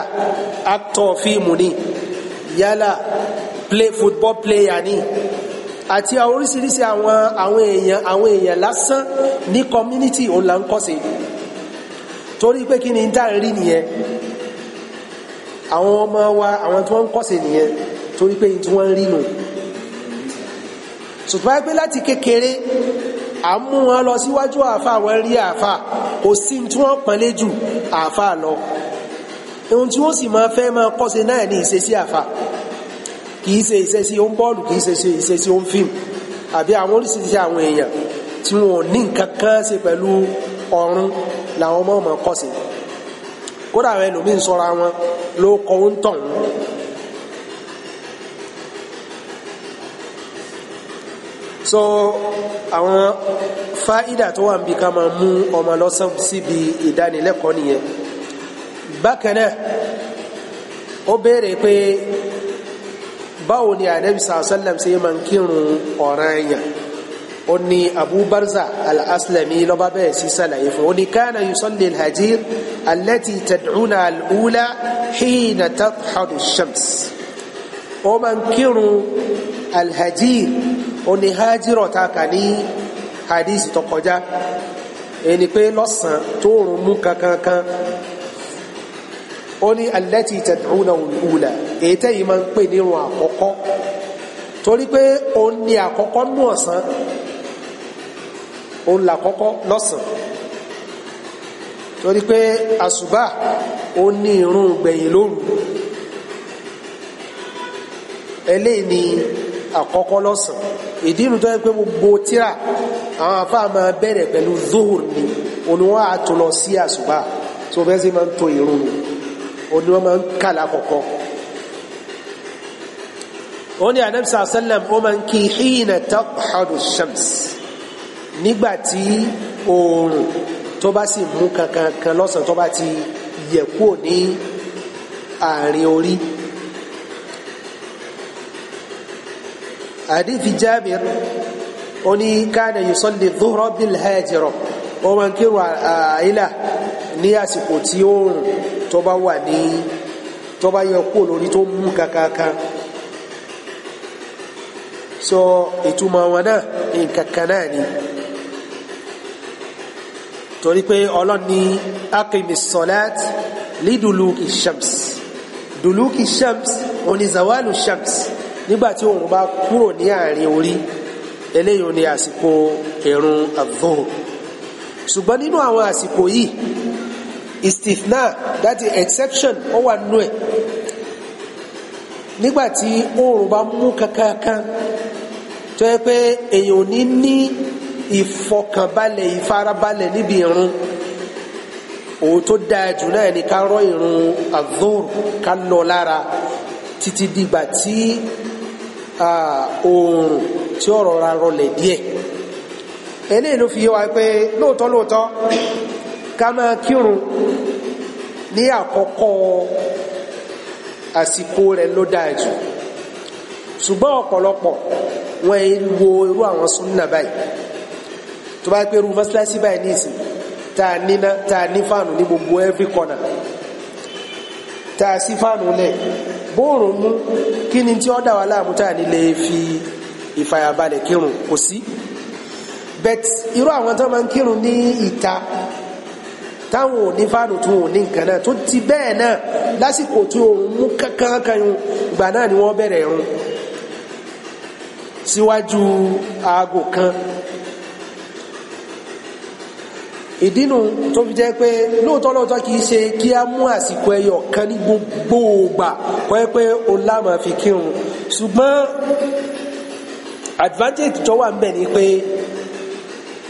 S1: actor fíìmù ni yálà play football player ni àti oríṣiríṣi àwọn àwọn èèyàn àwọn èèyàn lásán ní community òun là ń kọ́sẹ̀ torí pé kí ni dá ń rí nìyẹn àwọn ọmọ wa àwọn tí wọ́n ń kọ́sẹ̀ nìyẹn torí pé tí wọ́n ń rí nù ṣùgbọ́n pé láti kékeré à ń mú wọn lọ síwájú àáfà wọn rí àáfà kò sí tí wọ́n pọ́nlé jù àáfà lọ ohun tí wọ́n sì máa fẹ́ máa kọ́sẹ̀ náà ní ìṣesí àáfà kìí ṣe iṣẹ́ sí ohun bọ́ọ̀lù kìí ṣe iṣẹ́ sí ohun fíìmù àbí àwọn oríṣiríṣi àwọn èèyàn tí wọn ò ní nǹkan kan ṣe pẹ̀lú ọ̀run làwọn ọmọ ọmọ kọ́ sí kódà àwọn ẹlòmíín sọra wọn ló kọ ohun tọ̀hún. so àwọn fáìdà tó wà níbi ká máa mú ọmọ lọ́sàn síbi ìdánilẹ́kọ̀ọ́ nìyẹn bákan náà ó béèrè pé báwo ni ànábì sàásálàm ṣe máa ń kírun ọ̀ranyàn ó ní abu barza al-aslami lọ́ba bẹ́ẹ̀ sí sàlàyé fún ó ní kánà yusalli al-hajir allati tad'una al-ula hina tadhhadu shams ó máa ń kírun al ó ní hajirọ̀ ta kà ní hadith tó ẹni pé lọ́sàn tó rùn mú kankan ó ní allati tad'una al-ula èyí tẹ́yìn máa ń pè nírun àkọ́kọ́ torí pé òun ni àkọ́kọ́ nù ọ̀sán òun làkọ́kọ́ lọ́sàn torí pé àsùbá òun ní ìrun gbẹ̀yìn lóru eléyìí ni àkọ́kọ́ lọ́sàn ìdí inú tó yẹ pé gbogbo tíra àwọn afá máa bẹ̀rẹ̀ pẹ̀lú zuhur ni òun àtúnlọ sí àsùbá tó bẹ́ẹ̀ sì máa ń to ìrun ni òní wọ́n máa ń kàlà kọ̀kọ́ wọ́n ní anamsa sallam ó máa ń kí híìnà taqhadu shams nígbà tí oòrùn tó bá sì mú kankan lọ́sàn tó bá ti yẹ̀ ní àárín orí. àdìfi Jabir ó ní kana yusalli dhuhra bil hajira wọ́n máa ń kírun àìlà ní àsìkò tí oòrùn tó bá wà ní tó bá yọ kúrò lórí tó mú kakaka sọ ìtumọ̀ wọn náà nǹkan kan náà ni torí pé ọlọ́run ní akimi sọlát lídùlùkì shams dùlùkì shams onízàwálù shams nígbàtí òun bá kúrò ní àárín orí eléyìí ni àsìkò ìrun àdóhùn ṣùgbọ́n nínú àwọn àsìkò yìí istithna that is exception ó wà nínú ẹ̀ nígbàtí oòrùn bá mú kankankan tó yẹ pé èèyàn ò ní ní ìfọkànbalẹ̀ ìfarabalẹ̀ níbi ìrun òun tó dáa jù náà ni ká rọ́ ìrun azur ká lọ lára títí dìgbà tí oòrùn tí ó rọra rọlẹ̀ díẹ̀ eléyìí ló fi yé wa pé lóòótọ́ lóòótọ́ ká máa kírun ní àkọ́kọ́ àsìkò rẹ̀ ló dáa jù ṣùgbọ́n ọ̀pọ̀lọpọ̀ wọn èyí wo irú àwọn súnnà báyìí tó bá pé irú mọ́sálásí báyìí ní ìsìn tá a níná tá a ní fáànù ní gbogbo every corner tá a sí fáànù lẹ̀ bóòrùn mú kí ni tí ó dà wá láàmú tá a nílé fi ìfàyàbalẹ̀ kírun kò sí but irú àwọn tó máa ń kírun ní ìta táwọn ò ní fáànù tó ò ní nǹkan náà tó ti bẹ́ẹ̀ náà lásìkò tó òun mú kankan yun ìgbà náà ni wọ́n bẹ̀rẹ̀ run síwájú aago kan ìdínú tó fi jẹ́ pé lóòótọ́ lóòótọ́ kìí ṣe kí a mú àsìkò ẹyọ kan ní gbogbo ògbà kọ́ ẹ pé o lámà fi kírun ṣùgbọ́n advantage tó wà ń bẹ ni pé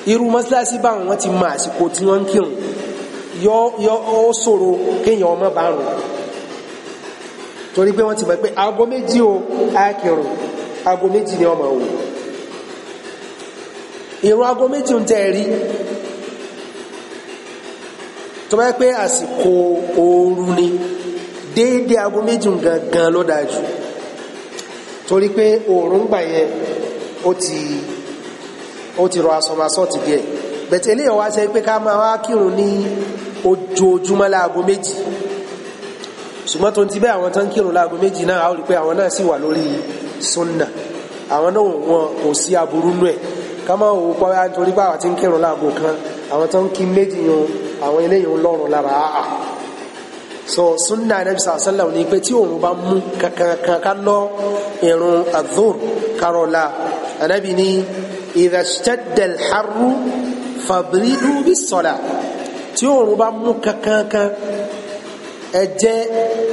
S1: irú mọ́sálásí báwọn wọ́n ti mọ àsìkò tí wọ́n ń kírun yọ yọ ó ṣòro kéèyàn ọmọ bá rùn torí pé wọ́n ti mọ̀ pé aago méjì o akírun aago méjì ni ọmọ òun ìrun aago méjì ń tẹ́ rí tó bá yẹ pé àsìkò ooru ni déédéé aago méjì gangan ló dájú torí pé oòrùn gbà yẹn ó ti ó ti rọ aṣọ máa sọ́ọ̀tì díẹ̀ bẹ̀tẹ̀ eléyàn wá ṣe pé ká máa wá kírun ní ojoojúmọ́ láago méjì ṣùgbọ́n tó ti bẹ́ àwọn tán kírun láago méjì náà àwọn rí àwọn náà sì wà lórí sunna àwọn náà wọn kò sí aburú nú ẹ̀ ká máa wò pọ́ wá nítorí pé àwọn ti ń kírun láago kan àwọn tán kí méjì yan àwọn eléyàn lọ́rùn lára àà so sunna anabi sàlá sàlá ní pé tí òun bá mú kankan ká lọ ìrun adúr karọ̀la anabi ní idha ishtadda al-harru fabridu bis-salah tí òòrùn bá mú kankankan ẹ jẹ́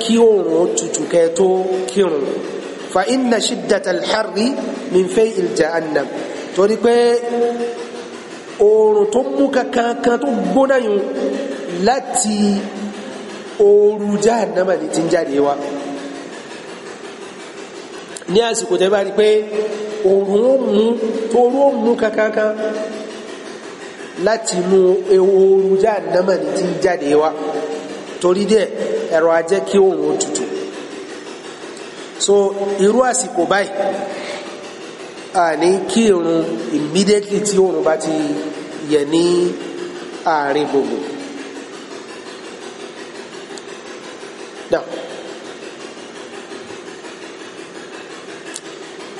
S1: kí òòrùn tutù kẹ́ tó kírun fa inna shiddata al-harri min fay'il jahannam torí pé òòrùn tó mú kankankan tó gbóná yìí láti ooru jahannama ni ti ń jáde wá ní àsìkò tẹ́ bá rí pé òòrùn ó mú toró ó mú kankankan láti inú ehoro jáàdámà ní ti jáde wá torí díẹ̀ ẹ̀rọ ajẹ́ kí òòrùn tutù so irú àsìkò báyìí àní kí irun immediately tí òòrùn bá ti yẹ ní àárín gbogbo. Now.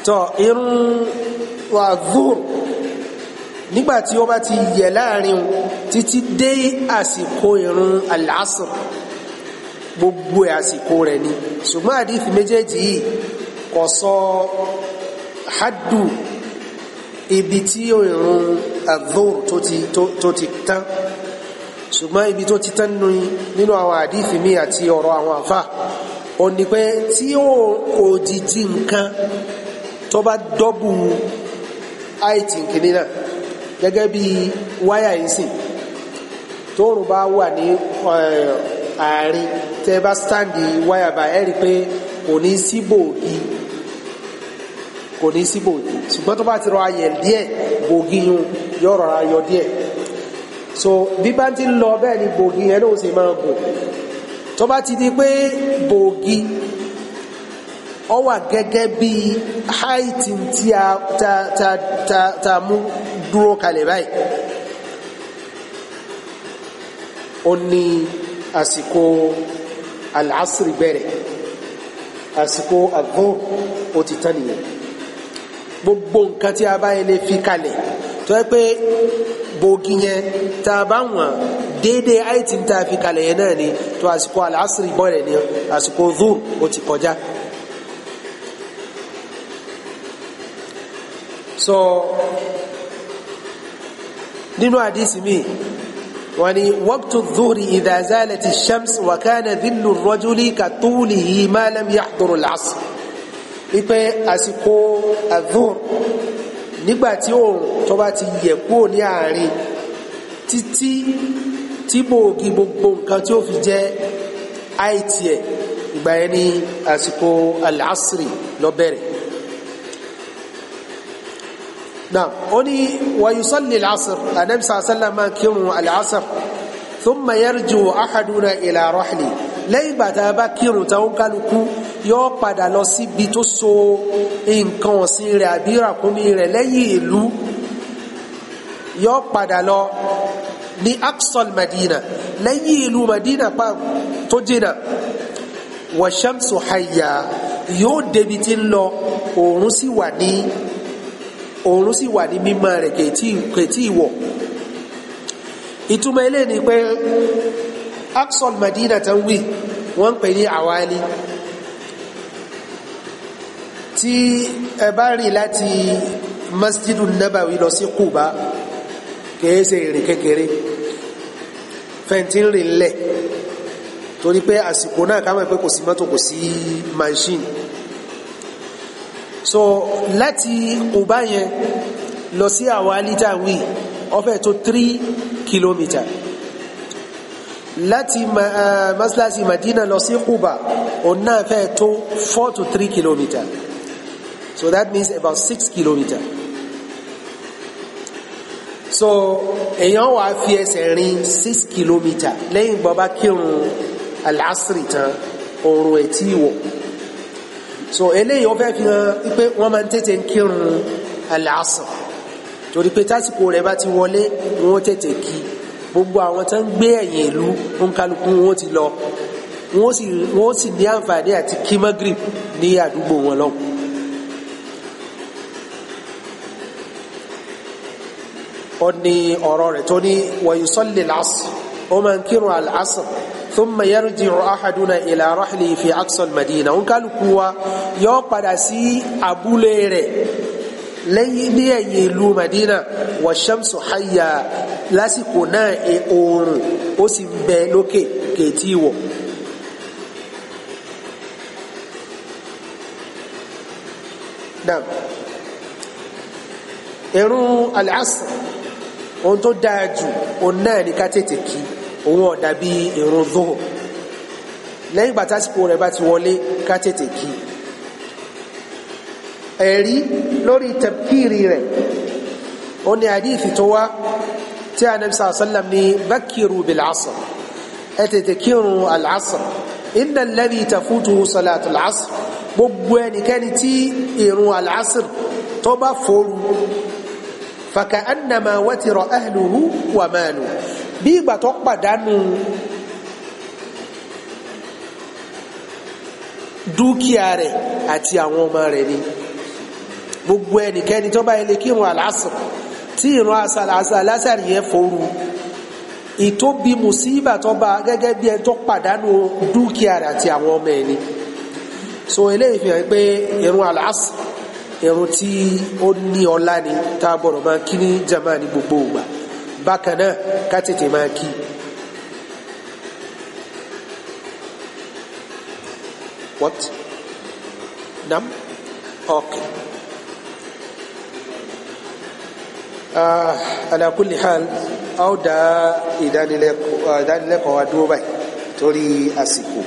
S1: tọ́ irun wà zuhur nígbàtí ó bá ti yẹ láàrin títí dé àsìkò irun al-asr gbogbo àsìkò rẹ̀ ni ṣùgbọ́n àdífi méjèèjì yìí kò sọ haddu ibi tí irun adhur tó ti tán ṣùgbọ́n ibi tó ti tán nínú àwọn àdífi mi àti ọ̀rọ̀ àwọn àfà ò ní pé tí ó òjìji nǹkan tó bá dọ́bù àìtì kìíní náà gẹ́gẹ́ bí wáyà ìsìn tóòrùn bá wà ní eh, àárín tẹ́ bá stáǹdì wáyà bá ẹ́ rí pé kò ní síbò yìí kò ní sí bògì ṣùgbọ́n tó bá ti rọ ayẹ̀ díẹ̀ bògì yun yóò rọra yọ díẹ̀ so bí bá ti ń lọ bẹ́ẹ̀ ni bògì yẹn ló ṣe máa gùn tó bá ti di pé bògì ọ wà gẹ́gẹ́ bí haiti tí a ta ta ta ta mú dúró kalẹ̀ báyìí ó ní àsìkò alásìrì bẹ̀rẹ̀ àsìkò àgọ́ ó ti tán nìyẹn gbogbo nǹkan tí a bá yẹn lè fi kalẹ̀ tó yẹ pé bòógì yẹn tá a bá wọ̀n déédéé haiti tá a fi kalẹ̀ yẹn náà ni tó àsìkò alásìrì bẹ̀rẹ̀ ni àsìkò zuru ó ti kọjá. so nínú àdísì mi wọ́n ní waqtu dhuhri idha zalati shams wa kana dhillu rajuli ka tulihi ma lam yahduru al-asr wípé àsìkò adhuhr nígbàtí oòrùn tó bá ti yẹ̀ kúrò ní àárín títí tí bòògì gbogbo nǹkan tí ó fi jẹ́ àìtì ìgbà yẹn ní àsìkò al-asri ló نعم أني ويصلي العصر النبي صلى الله عليه وسلم كيرو العصر ثم يرجو أحدنا إلى رحله lẹ́yìn bàtà bá kírun táwọn kálukú yóò padà lọ síbi tó so nǹkan ọ̀sìn rẹ̀ àbí ràkúnmí rẹ̀ lẹ́yìn ìlú yóò padà lọ ní aksol madina lẹ́yìn ìlú madina pa tó jìnà wàṣẹ́mṣù hayya yóò débi tí ń lọ òòrùn sì wà ní òun sì wà ní mímọ́ rẹ̀ kẹtí ìwọ̀ ìtumọ̀ ilé ni pé aksol madina tan wí wọ́n pè ní àwálí tí ẹ bá rìn láti masjidu nabawi lọ sí Kuba kìí ṣe ìrìn kékeré fẹ̀ntì ń rìn lẹ̀ torí pé àsìkò náà ká mọ̀ pé kò sí mọ́tò kò sí machine so láti Quba yẹn lọ sí Awali tá wí ó fẹ́ tó 3 kìlómítà láti eh, masilasi Madina lọ sí Quba òun náà fẹ́ tó 4 to 3 kìlómítà so that means about 6 kìlómítà so èèyàn wà fi ẹsẹ̀ rìn six kilometre lẹ́yìn gbọ́ bá kírun aláàsìrì tán oòrùn ẹ̀ tí wọ̀ so eléyìí ó fẹ́ fi hàn wípé wọ́n máa ń tètè ń kírun al-asr torí pé tásìkò rẹ̀ bá ti wọlé wọ́n tètè kí gbogbo àwọn tó ń gbé ẹ̀yìn ìlú òǹkálukú wọn ti lọ wọ́n sì ní àǹfààní àti kí ní àdúgbò wọn lọ́wọ́. ó ní ọ̀rọ̀ rẹ̀ tó ní wa yusalli al ó máa ń kírun al thumma yarji'u ahaduna ila rahli fi aqsa al-madina òun kálukú wa yóò padà sí abúlé rẹ̀ lẹ́yìn ní ẹ̀yìn ìlú madina wa shamsu hayya lásìkò náà e oòrùn ó sì ń bẹ lókè kèétí wọ̀. Naam. Ìrun al-asr ohun tó dáa jù òun náà ní ká tètè kí i òun ọ̀dà bí irun dùn lẹ́yìn ìgbà tásìkò rẹ̀ bá ti wọlé ká tètè kí ẹ̀rí lórí tẹ̀kìrì rẹ̀ ó ní àdífì tó wá tí a nàbí sàásánlám ní bákìrù bìlásà ẹ tètè kírun àlásà iná lẹ́bí tàfútù sọ̀làtù àlásà gbogbo ẹnikẹ́ni tí ìrun àlásà tó bá fòrú fàkà annama wátìrọ̀ ahluhu wà máa lò bí ìgbà tó pàdánù dúkìá rẹ̀ àti àwọn ọmọ rẹ̀ ni gbogbo ẹnikẹ́ni tó bá ilé kírun àlásùn tí ìran àlásàrì yẹn fòru ìtóbi mùsíbà tó bá gẹ́gẹ́ bí ẹni tó pàdánù dúkìá rẹ̀ àti àwọn ọmọ ẹni so eléyìí fi hàn pé ìrun àlásùn ìrun tí ó ní ọlá ni tá máa kí ní jama gbogbo ìgbà bákan náà ká tètè máa kí What? Nam? Okay. Uh, ala kulli hal a ó dá ah, ìdánilẹ́kọ̀ọ́ wa dúró báyìí torí àsìkò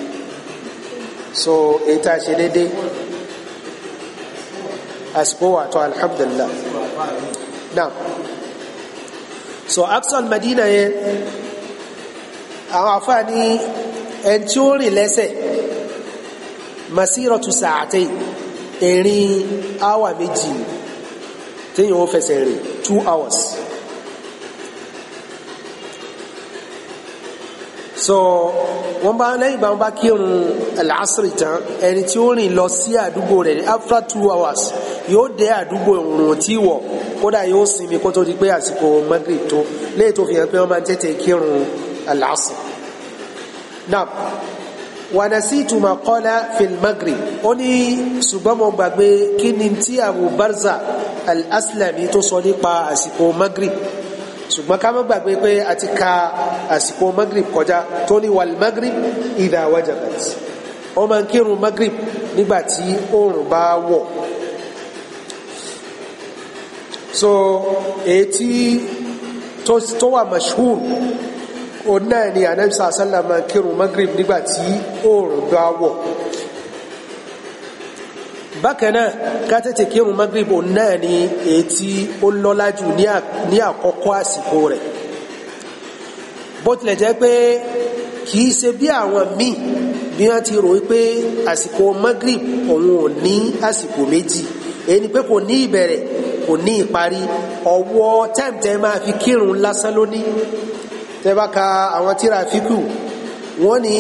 S1: so èyí tá a ṣe déédéé àsìkò wà tó alhamdulillah now so aksal madina yẹn àwọn àfáà ní ẹni tí ó rìn lẹ́sẹ̀ masiratu sa'atain ìrìn áwà méjì téèyàn ó fẹsẹ̀ rìn two hours. so wọ́n bá lẹ́yìn ìgbà wọ́n bá kírun aláṣírì tán ẹni tí ó rìn lọ sí àdúgbò rẹ̀ after two hours yóò dé àdúgbò òrùn tí wọ̀ kódà yóò sinmi kó tó di pé àsìkò magrib tó léyìí tó fi hàn pé wọ́n máa ń kírun aláṣírì náà wanasitu ma qala fil magrib ó ní ṣùgbọ́n mo gbàgbé kí ni tí Abu Barza al tó sọ nípa àsìkò magrib ṣùgbọ́n ká má gbàgbé pé a ti ka àsìkò magrib kọjá tó ní wal magrib idha wajabat ó máa ń kírun magrib nígbà tí oòrùn bá wọ̀ so èyí tí tó wà mashhur òun náà ni anabi sallallahu alaihi kírun magrib nígbà tí oòrùn bá wọ̀ bákanáà kátẹ́tẹ̀ kí ọmọ magrib náà ni èyí tí ó lọ́lá jù ní àkọ́kọ́ àsìkò rẹ̀ bó tilẹ̀ jẹ́ pé kìí ṣe bí àwọn míì bí wọ́n ti rò wípé àsìkò magrib òun ò ní àsìkò méjì èyí ni pé kò ní ìbẹ̀rẹ̀ kò ní ìparí ọwọ́ tẹ́m̀tẹ́ máa fi kírun lásán lóní tẹ́ ka àwọn tíra fíkù wọ́n ní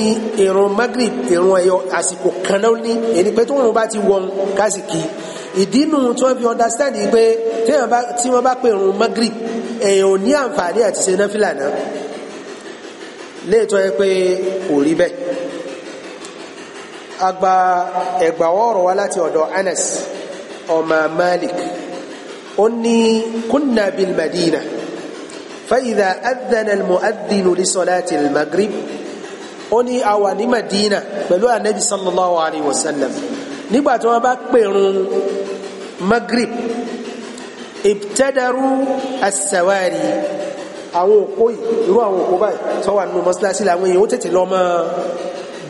S1: ìrun magrib ìrun ẹ̀yọ àsìkò kan náà ní ẹni pé tó wọn bá ti wọn kásìkì ìdínú tí wọ́n fi understand yìí pé tí wọ́n bá pè ìrun magrib èèyàn ò ní àǹfààní àti ṣe náfìlà náà léètọ́ ẹ pé kò rí bẹ́ẹ̀ agba ẹ̀gbàwọ́ ọ̀rọ̀ wa láti ọ̀dọ̀ Anas ọmọ Malik ó ní kunna bil Madina fa idha adhana al mu'adhdhinu li ó ní a wà ní Madina pẹ̀lú anabi sallallahu alayhi wa sallam nígbà tí wọ́n bá pèrún Maghrib ibtadaru asawari àwọn òpó irú àwọn òpó báyìí tó wà nínú mọ́sálásí làwọn èèyàn ó tètè lọ mọ́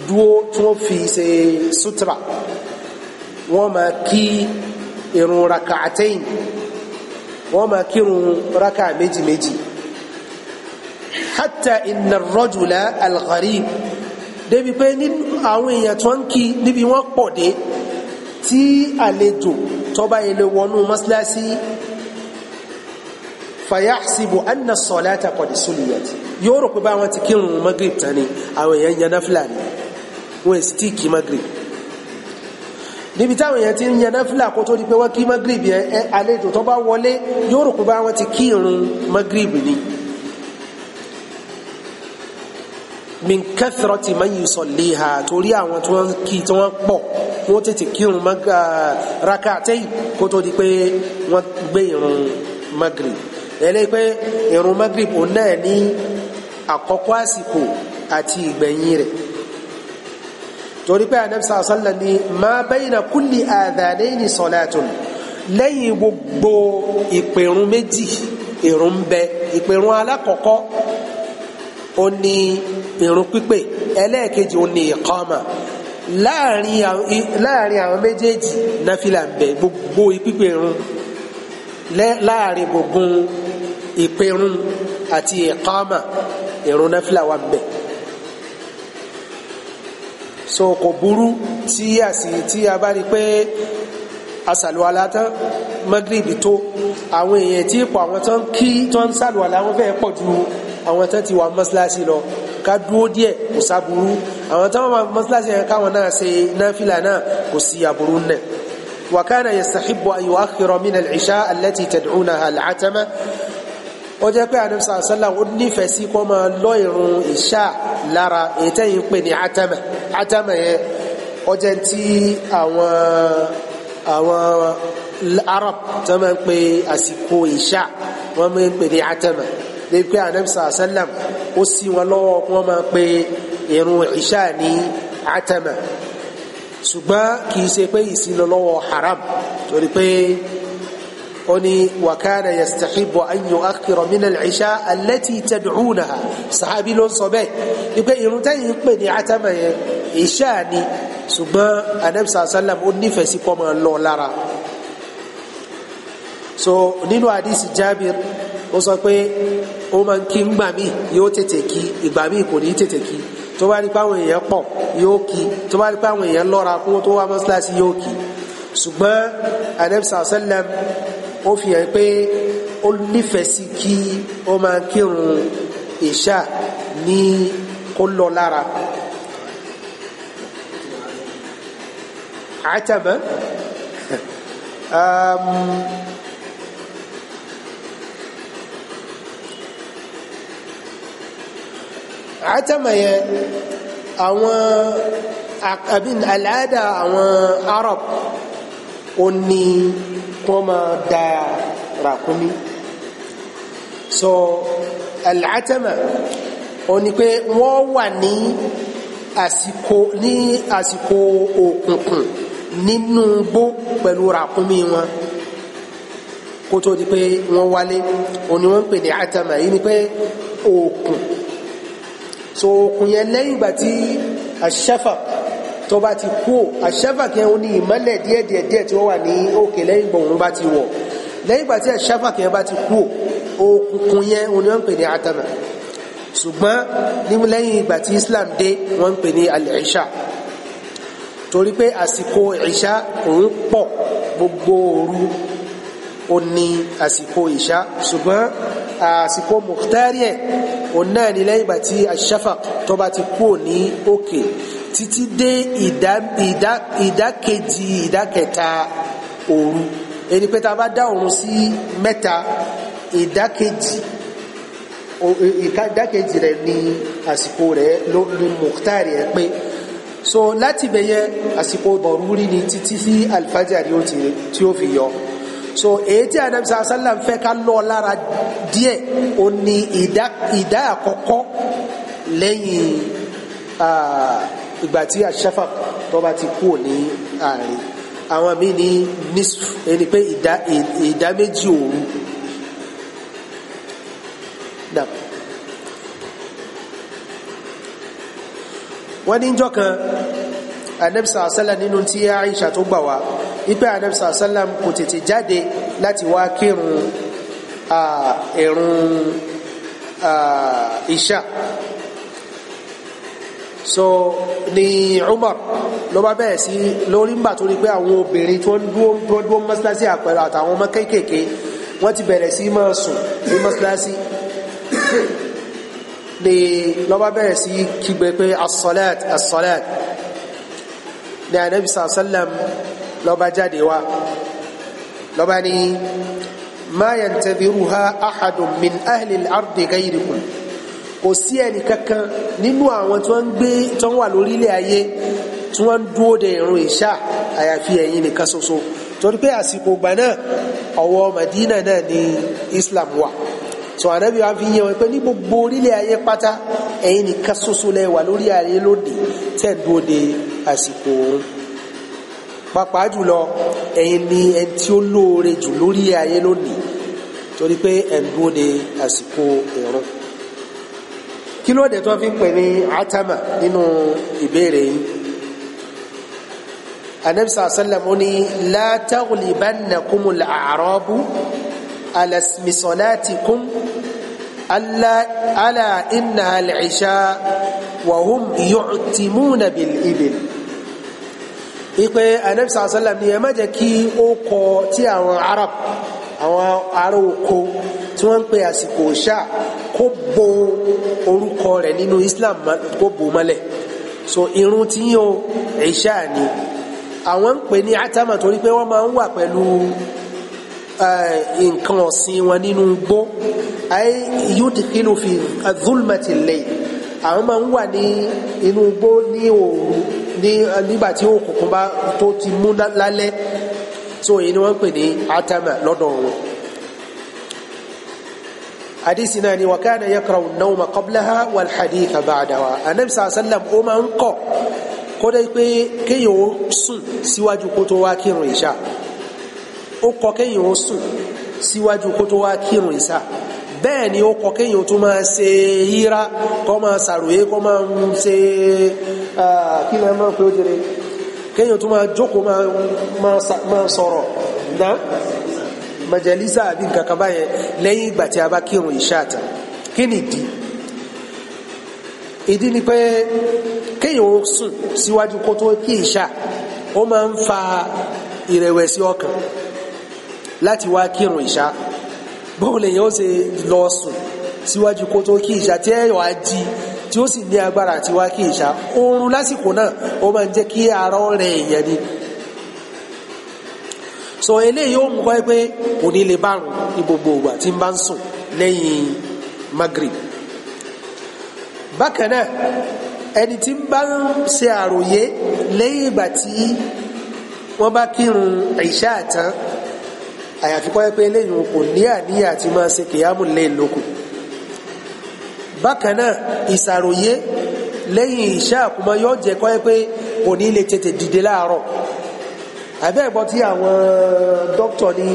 S1: dúó tí wọ́n fi ṣe sutura wọ́n máa kí irun raka'atayn wọ́n máa kírun raka méjì méjì hatta inna ar débi pé àwọn èèyàn tó ń kí níbi wọ́n pọ̀ dé tí àlejò tọ́ba ilé wọnú mọ́sálásí fàyàṣìbò anna sọ̀láta kọ̀dì sólìyàt yóò rò pé báwọn ti kírun magrib tán ni àwọn èèyàn yan náfìlà ni wọn èsì tí kí magrib níbi táwọn èèyàn ti ń yan náfìlà kó tó di pé wọ́n kí magrib yẹn àlejò tọ́ba wọlé yóò rò pé báwọn ti kírun magrib ni. min kathrati man yusalliha torí àwọn tí wọ́n kí tí wọ́n pọ̀ wọ́n tètè kírun ah, rak'atayn kó tó di pé wọ́n gbé ìrun magrib ẹlẹ́yìn pé ìrun magrib òun náà ní àkọ́kọ́ àsìkò àti ìgbẹ̀yìn rẹ̀ torí pé anabisa asọ́lá ni ma bayna kulli adhanayni salatun lẹ́yìn gbogbo ìpèrún méjì ìrun bẹ ìpèrún alákọ̀ọ́kọ́ ó ní ìrun pípè ẹlẹ́ẹ̀kejì ó ní ìkọ́mà láàrin àwọn méjèèjì náfìlà ń bẹ gbogbo ìpípè ìrun láàrin gbogbo ìpẹ̀run àti ìkọ́mà ìrun náfìlà wà ń bẹ so kò burú tí a sì tí a bá rí pé asàlùwàlá tán Maghrib tó àwọn èèyàn tí ipò àwọn tán kí tán sàlùwàlá wọn fẹ́ pọ̀ ju àwọn tán ti wà mọ́sálásí lọ ká dúró díẹ̀ kò sáburú àwọn tán wà mọ́sálásí yẹn káwọn náà ṣe náfìlà náà kò sí aburú náà وكان يستحب أن يؤخر من العشاء التي تدعونها العتمة ó jẹ́ pé àdàm sàásánlá ó nífẹ̀ẹ́ sí kó máa lọ ìrun ìṣá lára ètẹ́ yìí pè ní atama atama yẹn ó jẹ́ tí àwọn àwọn Arab tó máa ń pè àsìkò ìṣá wọ́n máa ń pè ní atama débi pé anamsa asalam ó sì wọn lọ́wọ́ wọn máa pe irun ìṣá ní atama ṣùgbọ́n kì í ṣe pé ìsinmi lọ́wọ́ haram torí pé ó ní wàkánà yastahibu an yu'akhkhira min al-isha allati tad'unaha sàábí ló ń sọ bẹ́ẹ̀ ni pé irun tẹ́yìn ń pè ní atama yẹn ìṣá ni ṣùgbọ́n anamsa asalam ó nífẹ̀ẹ́ sí kọ́ máa lọ lára so nínú àdìsí Jabir ó sọ pé ó máa ń kí ngbà míì yóò tètè kí ìgbà míì kò ní tètè kí tó bá rí páwọn èèyàn pọ̀ yóò kí tó bá rí páwọn èèyàn lọ́ra kó tó wá mọ́sálásí yóò kí ṣùgbọ́n anabisa ọ̀sẹ́lẹ̀m ó fi hàn pé ó nífẹ̀ẹ́ sí kí ó máa kírun ìṣà ní kó lọ lára. àtàmọ́. Um, àtàmà yẹn àwọn àbí àlàádà àwọn Arab ó ní kó máa da ràkúnmí so àlàátàmà ó ní pé wọ́n wà ní àsìkò ní àsìkò òkùnkùn nínú gbó pẹ̀lú ràkúnmí wọn kó tó di pé wọ́n wálé òní wọ́n pè ní àtàmà yìí ni pé òkùn so okùn yẹn lẹ́yìn ìgbà tí àṣẹfà tó bá ti kú àṣẹfà kẹ́ ó ní ìmọ́lẹ̀ díẹ̀díẹ̀ díẹ̀ tí ó wà ní òkè lẹ́yìn gbòòrùn bá ti wọ̀ lẹ́yìn ìgbà tí àṣẹfà kẹ́ bá ti kú okùn yẹn òní wọ́n pè ní atama ṣùgbọ́n ní lẹ́yìn ìgbà tí Islam dé wọ́n ń pè ní al-Isha torí pé àsìkò ìṣá òun pọ̀ gbogbo òru ó ní àsìkò ìṣá ṣùgbọ́n àsìkò mùkítárì ẹ̀ òun náà ni lẹ́yìn ìgbà tí àṣàfà tó bá ti kúrò ní òkè títí dé ìdá ìdá ìdákejì ìdákẹta òru ẹni pé tá a bá dá òun sí mẹ́ta ìdákejì ìdákejì rẹ̀ ni àsìkò rẹ̀ ló ní mùkítárì ẹ̀ pé so láti bẹ̀yẹ àsìkò bọ̀rúrí ni títí sí alifájàrí tí ó fi yọ so èyí tí anabi sàlám fẹ́ ká lọ lára díẹ̀ ó ní ìdá àkọ́kọ́ lẹ́yìn ìgbà tí àṣẹfà tó bá ti kú ní àárín àwọn míì ní nisf ẹni pé ìdá méjì òru wọ́n ní jọ́ kan anabi sàlám nínú tí Aisha tó gbà wá ipe anabi sallam kò tètè jáde láti wá kírun ìrun ìṣà so ni Umar ló bá bẹ̀rẹ̀ sí lórí ń bà torí pé àwọn obìnrin tó ń dúró mọ́sálásí àpẹẹrẹ àtàwọn ọmọ kéékèèké wọ́n ti bẹ̀rẹ̀ sí máa sùn ní mọ́sálásí ni ló bá bẹ̀rẹ̀ sí kígbe pé asọ́lẹ́t asọ́lẹ́t ni anabi sallam lọ́ba jáde wá lọ́ba ní ma yantabiruha ahadun min ahli al-ardi ghayrikum kò sí ẹni kankan nínú àwọn tí wọ́n ń gbé tí wọ́n wà lórílẹ̀ ayé tí wọ́n ń dúró de ìrun ìṣá àyàfi ẹ̀yin nìkan ṣoṣo torí pé àsìkò ìgbà náà ọwọ́ Madina náà ni Islam wà so ànábì wa fi yẹ wọn pé ní gbogbo orílẹ̀ ayé pátá ẹ̀yin nìkan ṣoṣo lẹ lórí ayé lóde tẹ̀ ń dúró de àsìkò òun pàápàá jùlọ ẹ̀yin ni ẹni tí ó lóore jù lórí ayé lónìí torí pé ẹ̀dùn ni àsìkò ìrun kí ló dé tó fi ń pè ní atama nínú ìbéèrè yìí anabi sallam ó ní la taghlibannakumul a'rabu ala ismi salatikum ala ala inna al-isha wa wípé anabi sàlá sàlá ni ẹ má jẹ́ kí ó kọ tí àwọn arab àwọn ará oko tí wọ́n ń pe àsìkò ṣá kó bo orúkọ rẹ̀ nínú islam kó bò mọ́lẹ̀ so irun tí yín o ìṣá ni àwọn ń pè ní atama torí pé wọ́n máa ń wà pẹ̀lú eh, nǹkan ọ̀sìn wọn nínú gbó ayé yudkilu fi àwọn máa ń wà ní inú gbó ní òru Eh, nígbà tí òkùnkùn bá tó ti mú lálẹ́ so èyí ni wọ́n ń pè ní atama lọ́dọ̀ wọn hadisi náà ni wakana yakrahu an-nawma qablaha wal haditha ba'daha anabi sallam ó máa ń kọ̀ kódà pé kéèyàn ó sùn síwájú kó tó wá kírun ìṣá ó kọ̀ kéèyàn ó sùn síwájú kó tó wá kírun ìṣá bẹ́ẹ̀ ni ó kọ kéèyàn tó máa ṣe híra kọ́ máa ṣàròyé kọ́ máa ń ṣe kí lẹ́ máa pé ó jẹrẹ kéèyàn tó máa majalisa àbí nǹkan kan lẹ́yìn ìgbà tí a bá kírun ìṣáàtà kí ni ìdí ìdí ni pé kéèyàn ó sùn síwájú kó tó kí ó fa ìrẹ̀wẹ̀sí ọkàn bóun lè ṣe lọ sùn síwájú kó tó kí tí ẹ̀yọ̀ á tí ó sì ní agbára tí wá kí oorun lásìkò náà ó máa ń jẹ́ kí ara rẹ̀ èèyàn ni so eléyìí ó mú kọ́ pé kò ní lè ní gbogbo ìgbà tí ń bá ń sùn lẹ́yìn bákan náà ẹni tí ń bá ń ṣe àròyé lẹ́yìn àyàfi kọ́ pé eléyìí kò ní àníyàn àti máa ṣe kìyàmù lé lókun bákan náà ìsàròyé lẹ́yìn ìṣẹ́ àkùmọ́ yóò jẹ́ kọ́ pé kò ní lè tètè dìde láàárọ̀ àbẹ́ ẹ̀gbọ́n tí àwọn dókítọ̀ ní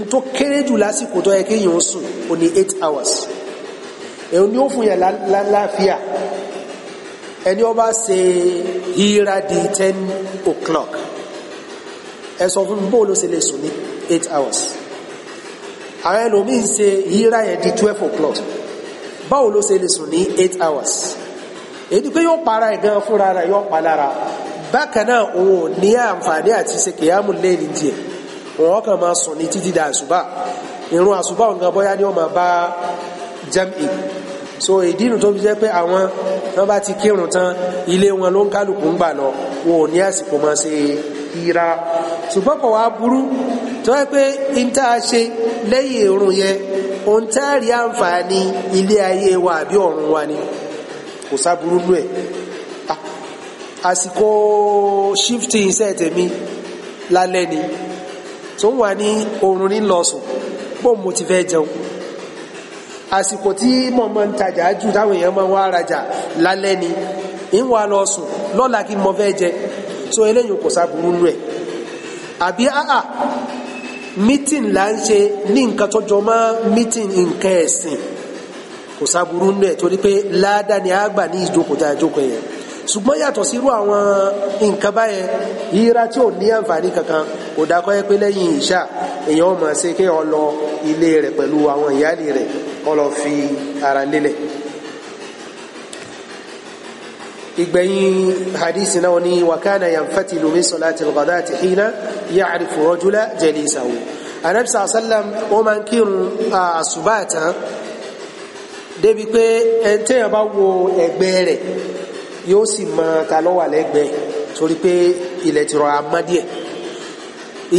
S1: n tó kéré jù lásìkò tó yẹ kéèyàn ń sùn ò ní eight hours èyí ni ó fún yàn láláàfíà ẹni ó bá ṣe híra di ten o'clock ẹ sọ fún mi bó ló ṣe lè sùn ní eight hours àwọn ẹlòmíín ṣe híra yẹn di twelve o'clock báwo ló ṣe lè sùn ní eight hours èyí pé yóò para ẹ̀ gan fúnra rẹ̀ yóò pa lára bákan náà òun ò ní àǹfààní àti ṣe kìyàmù lẹ́ẹ̀lì díẹ̀ wọn kàn máa sùn ní títí da àṣùbà irun àṣùbà nǹkan bóyá ni wọn máa bá jam'i so ìdí inú tó fi jẹ́ pé àwọn wọn bá ti kírun tán ilé wọn ló ń kálukú ń gbà lọ wọn ò ní àsìkò máa ṣe ìra ṣùgbọ́n kò wá burú tó yẹ pé n tá a ṣe lẹ́yìn irun yẹn òun tá a rí àǹfààní ilé ayé wa àbí ọ̀run wa ni kò sáburú nú ẹ̀ ah, àsìkò ṣífìtì iṣẹ́ tèmi lálẹ́ ni tó ń wà ní oorun ní lọ́sùn bó mo ti fẹ́ jẹun àsìkò tí mo máa ń tajà jù táwọn èèyàn máa ń wá rajà lálẹ́ ni ń wà lọ́sùn lọ́la kí mo fẹ́ jẹ so eléyìí kò sáburú nú ẹ̀ àbí àà ah, ah, meeting là ń ṣe ní nǹkan tó jọ mọ́ meeting nǹkan ẹ̀sìn kò sáburú nù ẹ̀ torí pé ládàá ni a gbà ní ìjókòó tá a jókòó yẹn ṣùgbọ́n yàtọ̀ sí àwọn nǹkan báyẹn yíra tí ò ní àǹfààní kankan kò dákọ́ yẹ pé lẹ́yìn ìṣá èèyàn máa ṣe kéèyàn lọ ilé rẹ̀ pẹ̀lú àwọn ìyáálé rẹ̀ lọ fi ara lélẹ̀. ìgbẹ̀yìn hadisi náà ni wakana yanfatilu min salati al-ghadati hina ya'rifu rajula jalisahu anabi sallam ó máa ń kírun àṣùbà tán débi pé ẹni téèyàn bá wo ẹ̀gbẹ́ rẹ̀ yóò sì mọ ta ló wà lẹ́gbẹ̀ẹ́ torí pé ilẹ̀ ti rọra mọ́ díẹ̀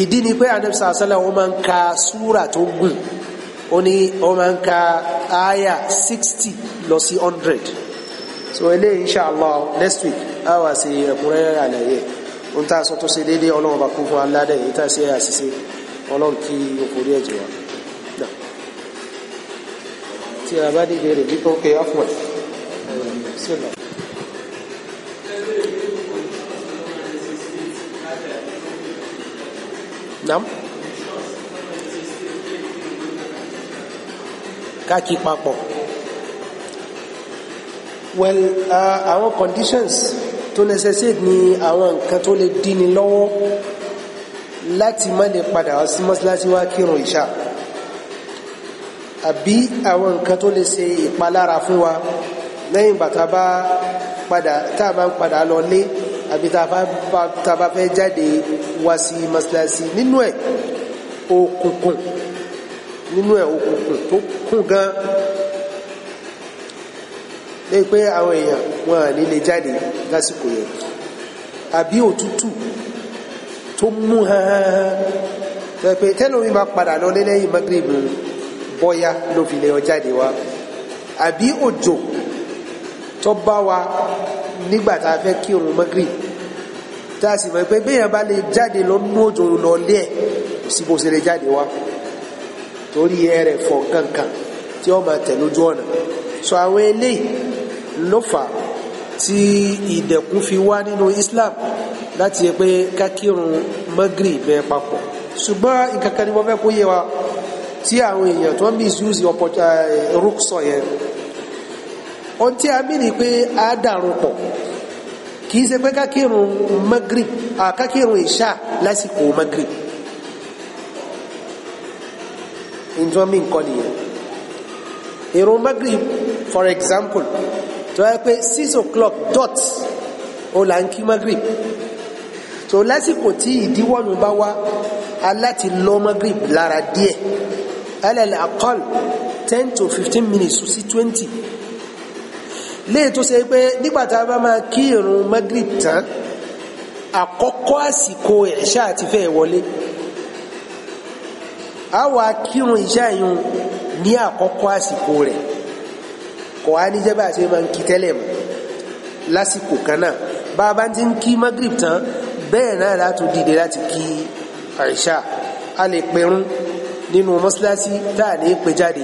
S1: ìdí ni pé anabi sallam ó máa ń ka súrà tó gùn ó ní ó máa ń ka aya sixty lọ sí hundred so eléyìí inshallah next week a wà sí ẹ̀kúnrẹ́rẹ́ àlàyé ohun tá a sọ tó ṣe déédéé ọlọ́run bá kún fún aládé èyí tá a ṣe àṣìṣe ọlọ́run kí okòrí ẹ̀jẹ̀ wa tí a bá dìde rè bípọ̀ pé afọ̀ sílẹ̀. Nam? Káàkiri papọ̀ well uh, àwọn uh, conditions to necessitate ni àwọn nǹkan tó lè díni lọ́wọ́ láti má lè padà sí mọ́síláṣí wá kírun ìṣà àbí àwọn nǹkan tó lè ṣe ìpalára fún wa lẹ́yìn bàtà bá padà tá a bá ń padà lọ lé àbí tá a bá fẹ́ jáde wá sí mọ́síláṣí nínú ẹ̀ òkùnkùn nínú ẹ̀ òkùnkùn tó kún gan lé pé àwọn èèyàn wọn à ní lè jáde lásìkò yẹn àbí òtútù tó mú hanhan lọ pé tẹ́lómi bá padà lọ lẹ́lẹ́yìn Maghrib bọ́yá ló fi wa nígbà tá a fẹ́ kí òun Maghrib tá a sì mọ̀ pé béèyàn bá lè jáde lọ nú òjò lọ lé ẹ̀ jáde wá torí ẹ fọ̀ kankan tí ó máa tẹ̀ lójú ọ̀nà so àwọn eléyìí ló fà tí ìdẹ̀kùn fi wá nínú Islam láti yẹ pé kákírun magri bẹ́ẹ̀ papọ̀ ṣùgbọ́n nǹkan kan ni wọ́n fẹ́ kó yé wa tí àwọn èèyàn tó ń misuse rúksọ yẹn ohun tí a mí ni pé a dàrú pọ̀ kìí ṣe pé kákírun magri àkákírun ìṣá lásìkò magri ìjọ nǹkan nìyẹn ìrun magrib for example tó yẹ pé six o'clock dot ó là ń kí magrib tó lásìkò tí ìdíwọ́nù bá wá aláti lọ magrib lára díẹ̀ ẹlẹ́lẹ́ àkọ́l ten to fifteen minutes sí twenty léè tó ṣe pé nígbàtà bá máa kí ìrun magrib tán àkọ́kọ́ àsìkò ìṣá àti fẹ́ wọlé a wà kírun ìṣá yìí ní àkọ́kọ́ àsìkò rẹ̀ kò á ní jẹ́bà ṣe máa ń kí tẹ́lẹ̀ mọ́ lásìkò kan náà bá a bá ti ń kí magrib tán bẹ́ẹ̀ náà látò dìde láti kí àìṣà a lè pẹ̀rún nínú mọ́sálásí tá à ní pè jáde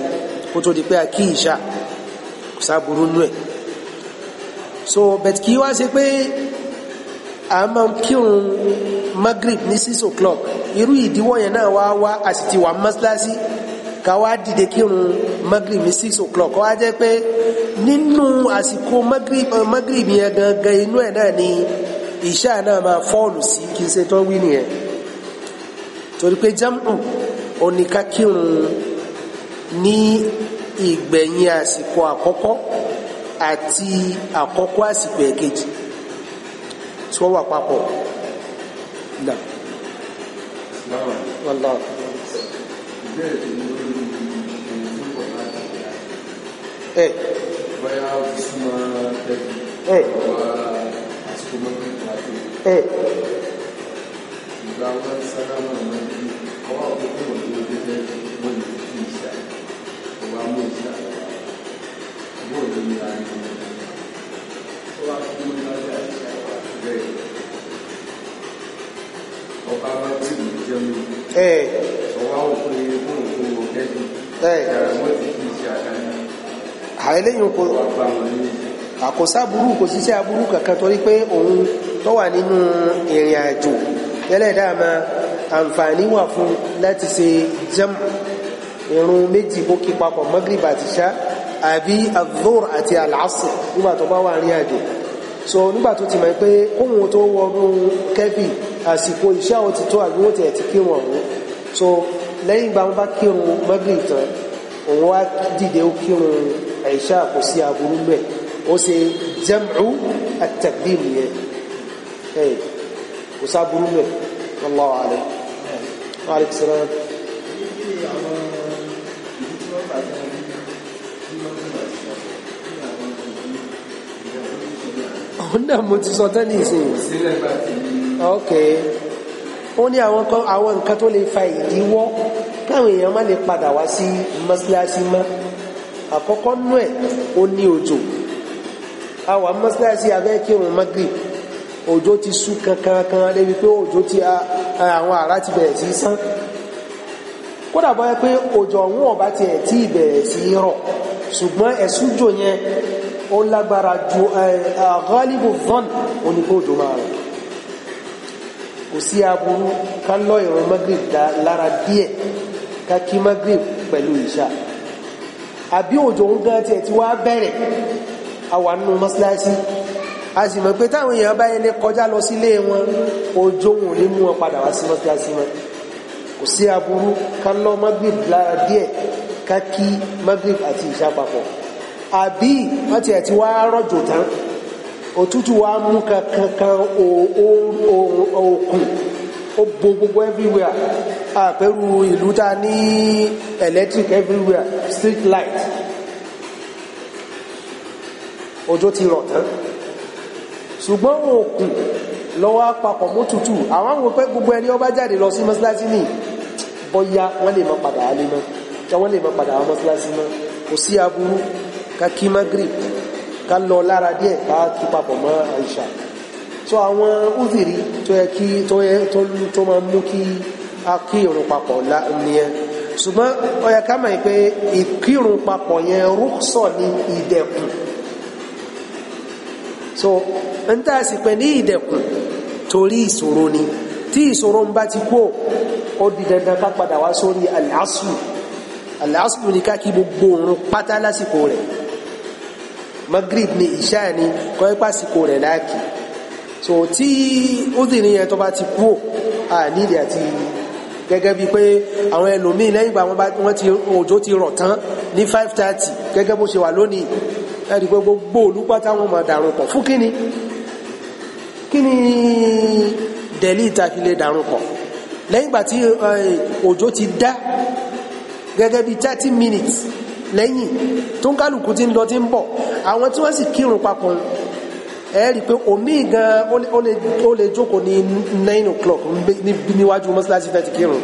S1: kó tó di pé a kí ìṣà kò sáburú nú ẹ̀ so bẹ̀t kí wá ṣe pé a máa kírun magrib ní six o'clock irú ìdíwọ́ yẹn náà wá wá a sì ti wà mọ́sálásí ká wá dìde kírun magrib six o'clock kọ́ wá jẹ́ pé nínú àsìkò magrib eh, magrib yẹn gangan inú ẹ̀ náà ni ìṣá náà máa fọ́ọ̀lù sí kí n ṣe tó wí nìyẹn torí pé jam'u oníká kírun ní ìgbẹ̀yìn àsìkò àkọ́kọ́ àti àkọ́kọ́ àsìkò ẹ̀kejì tí wọ́n wà papọ̀ náà. Wallah. ẹ. ọba mú ìṣá ọba òde ní àná ọba tó ń bá dá ìṣá ọba bẹ́ẹ̀ ọba bá tì àìléyìn kò àkọsá burú kò síṣẹ́ aburú kankan torí pé òun tó wà nínú ìrìn àjò ẹlẹ́dàá ma àǹfààní wà fún láti ṣe jẹ́m irun méjì kó kí papọ̀ magrib àti ṣá àbí adhur àti al nígbà tó bá wà ní àjò so nígbà tó ti mọ̀ pé kóhun tó wọnú kẹ́bì àsìkò iṣẹ́ àwọn ti tó àbí wọ́n ti ẹ̀ ti kírun so lẹ́yìn ìgbà wọn bá kírun magrib tán òun wá dìde ó kírun àìṣá kò sí aburú mẹ́ ó ṣe jam'u at-takdim yẹn kò sí aburú mẹ́ wallahu a'lam wa alaykum salaam. ọ̀nà mo ti sọ tẹ́lẹ̀ ìsìn ó ní àwọn nǹkan tó lè fa ìdíwọ́ káwọn èèyàn má lè padà wá sí mọ́síláṣí mọ́ àkọ́kọ́ nú ẹ̀ ó ní òjò àwa mọ́sálásí abẹ́ kírun magrib òjò ti sú kankankan débi pé òjò ti àwọn àrá ti bẹ̀rẹ̀ sí sán kódà bọ́ pé òjò ọ̀hún ọ̀bá ti ẹ̀ tí ìbẹ̀rẹ̀ sí rọ̀ ṣùgbọ́n ẹ̀sùjò yẹn ó lágbára ju àgọ́lìbò vọ́n oníkóòjò máa rọ̀ kò sí aburú ká lọ ìrun magrib lára díẹ̀ ká kí magrib pẹ̀lú ìṣá àbí òjò ń gan tiẹ̀ ti wá bẹ̀rẹ̀ àwa nínú mọ́sálásí a sì mọ̀ pé táwọn èèyàn bá ẹni kọjá lọ sílé wọn òjò wọn ò ní mú wọn padà wá sí mọ́sálásí wọn kò sí aburú ká lọ magrib lára díẹ̀ ká kí magrib àti ìṣá àbí wọ́n tiẹ̀ ti wá rọ̀jò tán òtútù wa mú kankan òkun ó bo gbogbo everywhere àpẹrù ìlú ta ní electric everywhere street light òjò ti rọ̀ tán ṣùgbọ́n wọn ò kù lọ́wọ́ apapọ̀ mọ́ tutù àwọn àwọn pẹ́ gbogbo ẹni ọba jáde lọ sí mọ́síláṣí ní bọ́yá wọ́n lè má padà alé mọ́ kí wọ́n lè má padà àwọn mọ́síláṣí mọ́ kò sí aburú ká kí magrib ká lọ lára díẹ̀ ká tún papọ̀ mọ́ àìsàn so àwọn uziri tó yẹ kí tó yẹ tó máa mú kí a kírun papọ̀ nìyẹn ṣùgbọ́n ó yẹ ká mọ̀ pé ìkírun papọ̀ yẹn rúkṣọ ní ìdẹ̀kùn so ń tà sí pé ní ìdẹ̀kùn torí ìṣòro ni tí ìṣòro ń bá ti kó ó di dandan ká padà wá sórí àlàásù àlàásù ní ká kí gbogbo òun pátá lásìkò rẹ̀ magrib ni ìṣáà ni kọ́ ipásìkò rẹ̀ láàkì so tí ó dì ní yẹn tó bá ti kú à nídìí àti gẹ́gẹ́ bíi pé àwọn ẹlòmíì lẹ́yìn ìgbà wọn ti òjò ti rọ̀ tán ní five thirty gẹ́gẹ́ bó ṣe wà lónìí ẹ̀rí pé gbogbo olùpátá wọn máa dàrún pọ̀ fún kíni kíni dẹ̀lí ìtàfi lè dàrún pọ̀ lẹ́yìn ìgbà tí òjò ti dá gẹ́gẹ́ bíi thirty minutes lẹ́yìn tó ń kálukú ti ń lọ ti ń bọ̀ àwọn tí wọ́n sì kírun papọ̀ ẹ rí i pé omi gan o lè jókòó ní nine o'clock níwájú mọ́sálásí fẹ́ ti kírun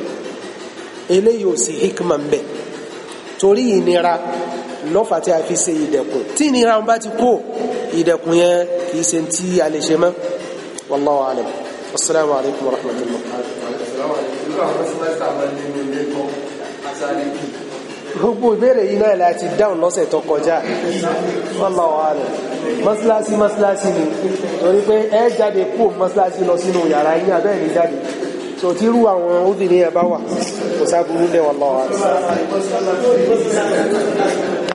S1: eléyìí ò sí hikma ń bẹ torí ìnira lọ́fà tí a fi ṣe ìdẹ̀kùn tí ìnira bá ti kó ìdẹ̀kùn yẹn kì í ṣe tí a lè ṣe mọ́ wallahu alam assalamu alaikum warahmatullahi gbogbo ìbéèrè yìí náà láti dáhùn lọ́sẹ̀ tó kọjá wallahu alam mọ́síláṣí mọ́síláṣí ni torí pé ẹ jáde kú mọ́síláṣí lọ sínú yàrá yín abẹ́ ní jáde tó tí rú àwọn obìnrin ẹ bá wà kò sábúrú lẹ́wọ̀n wallahu alam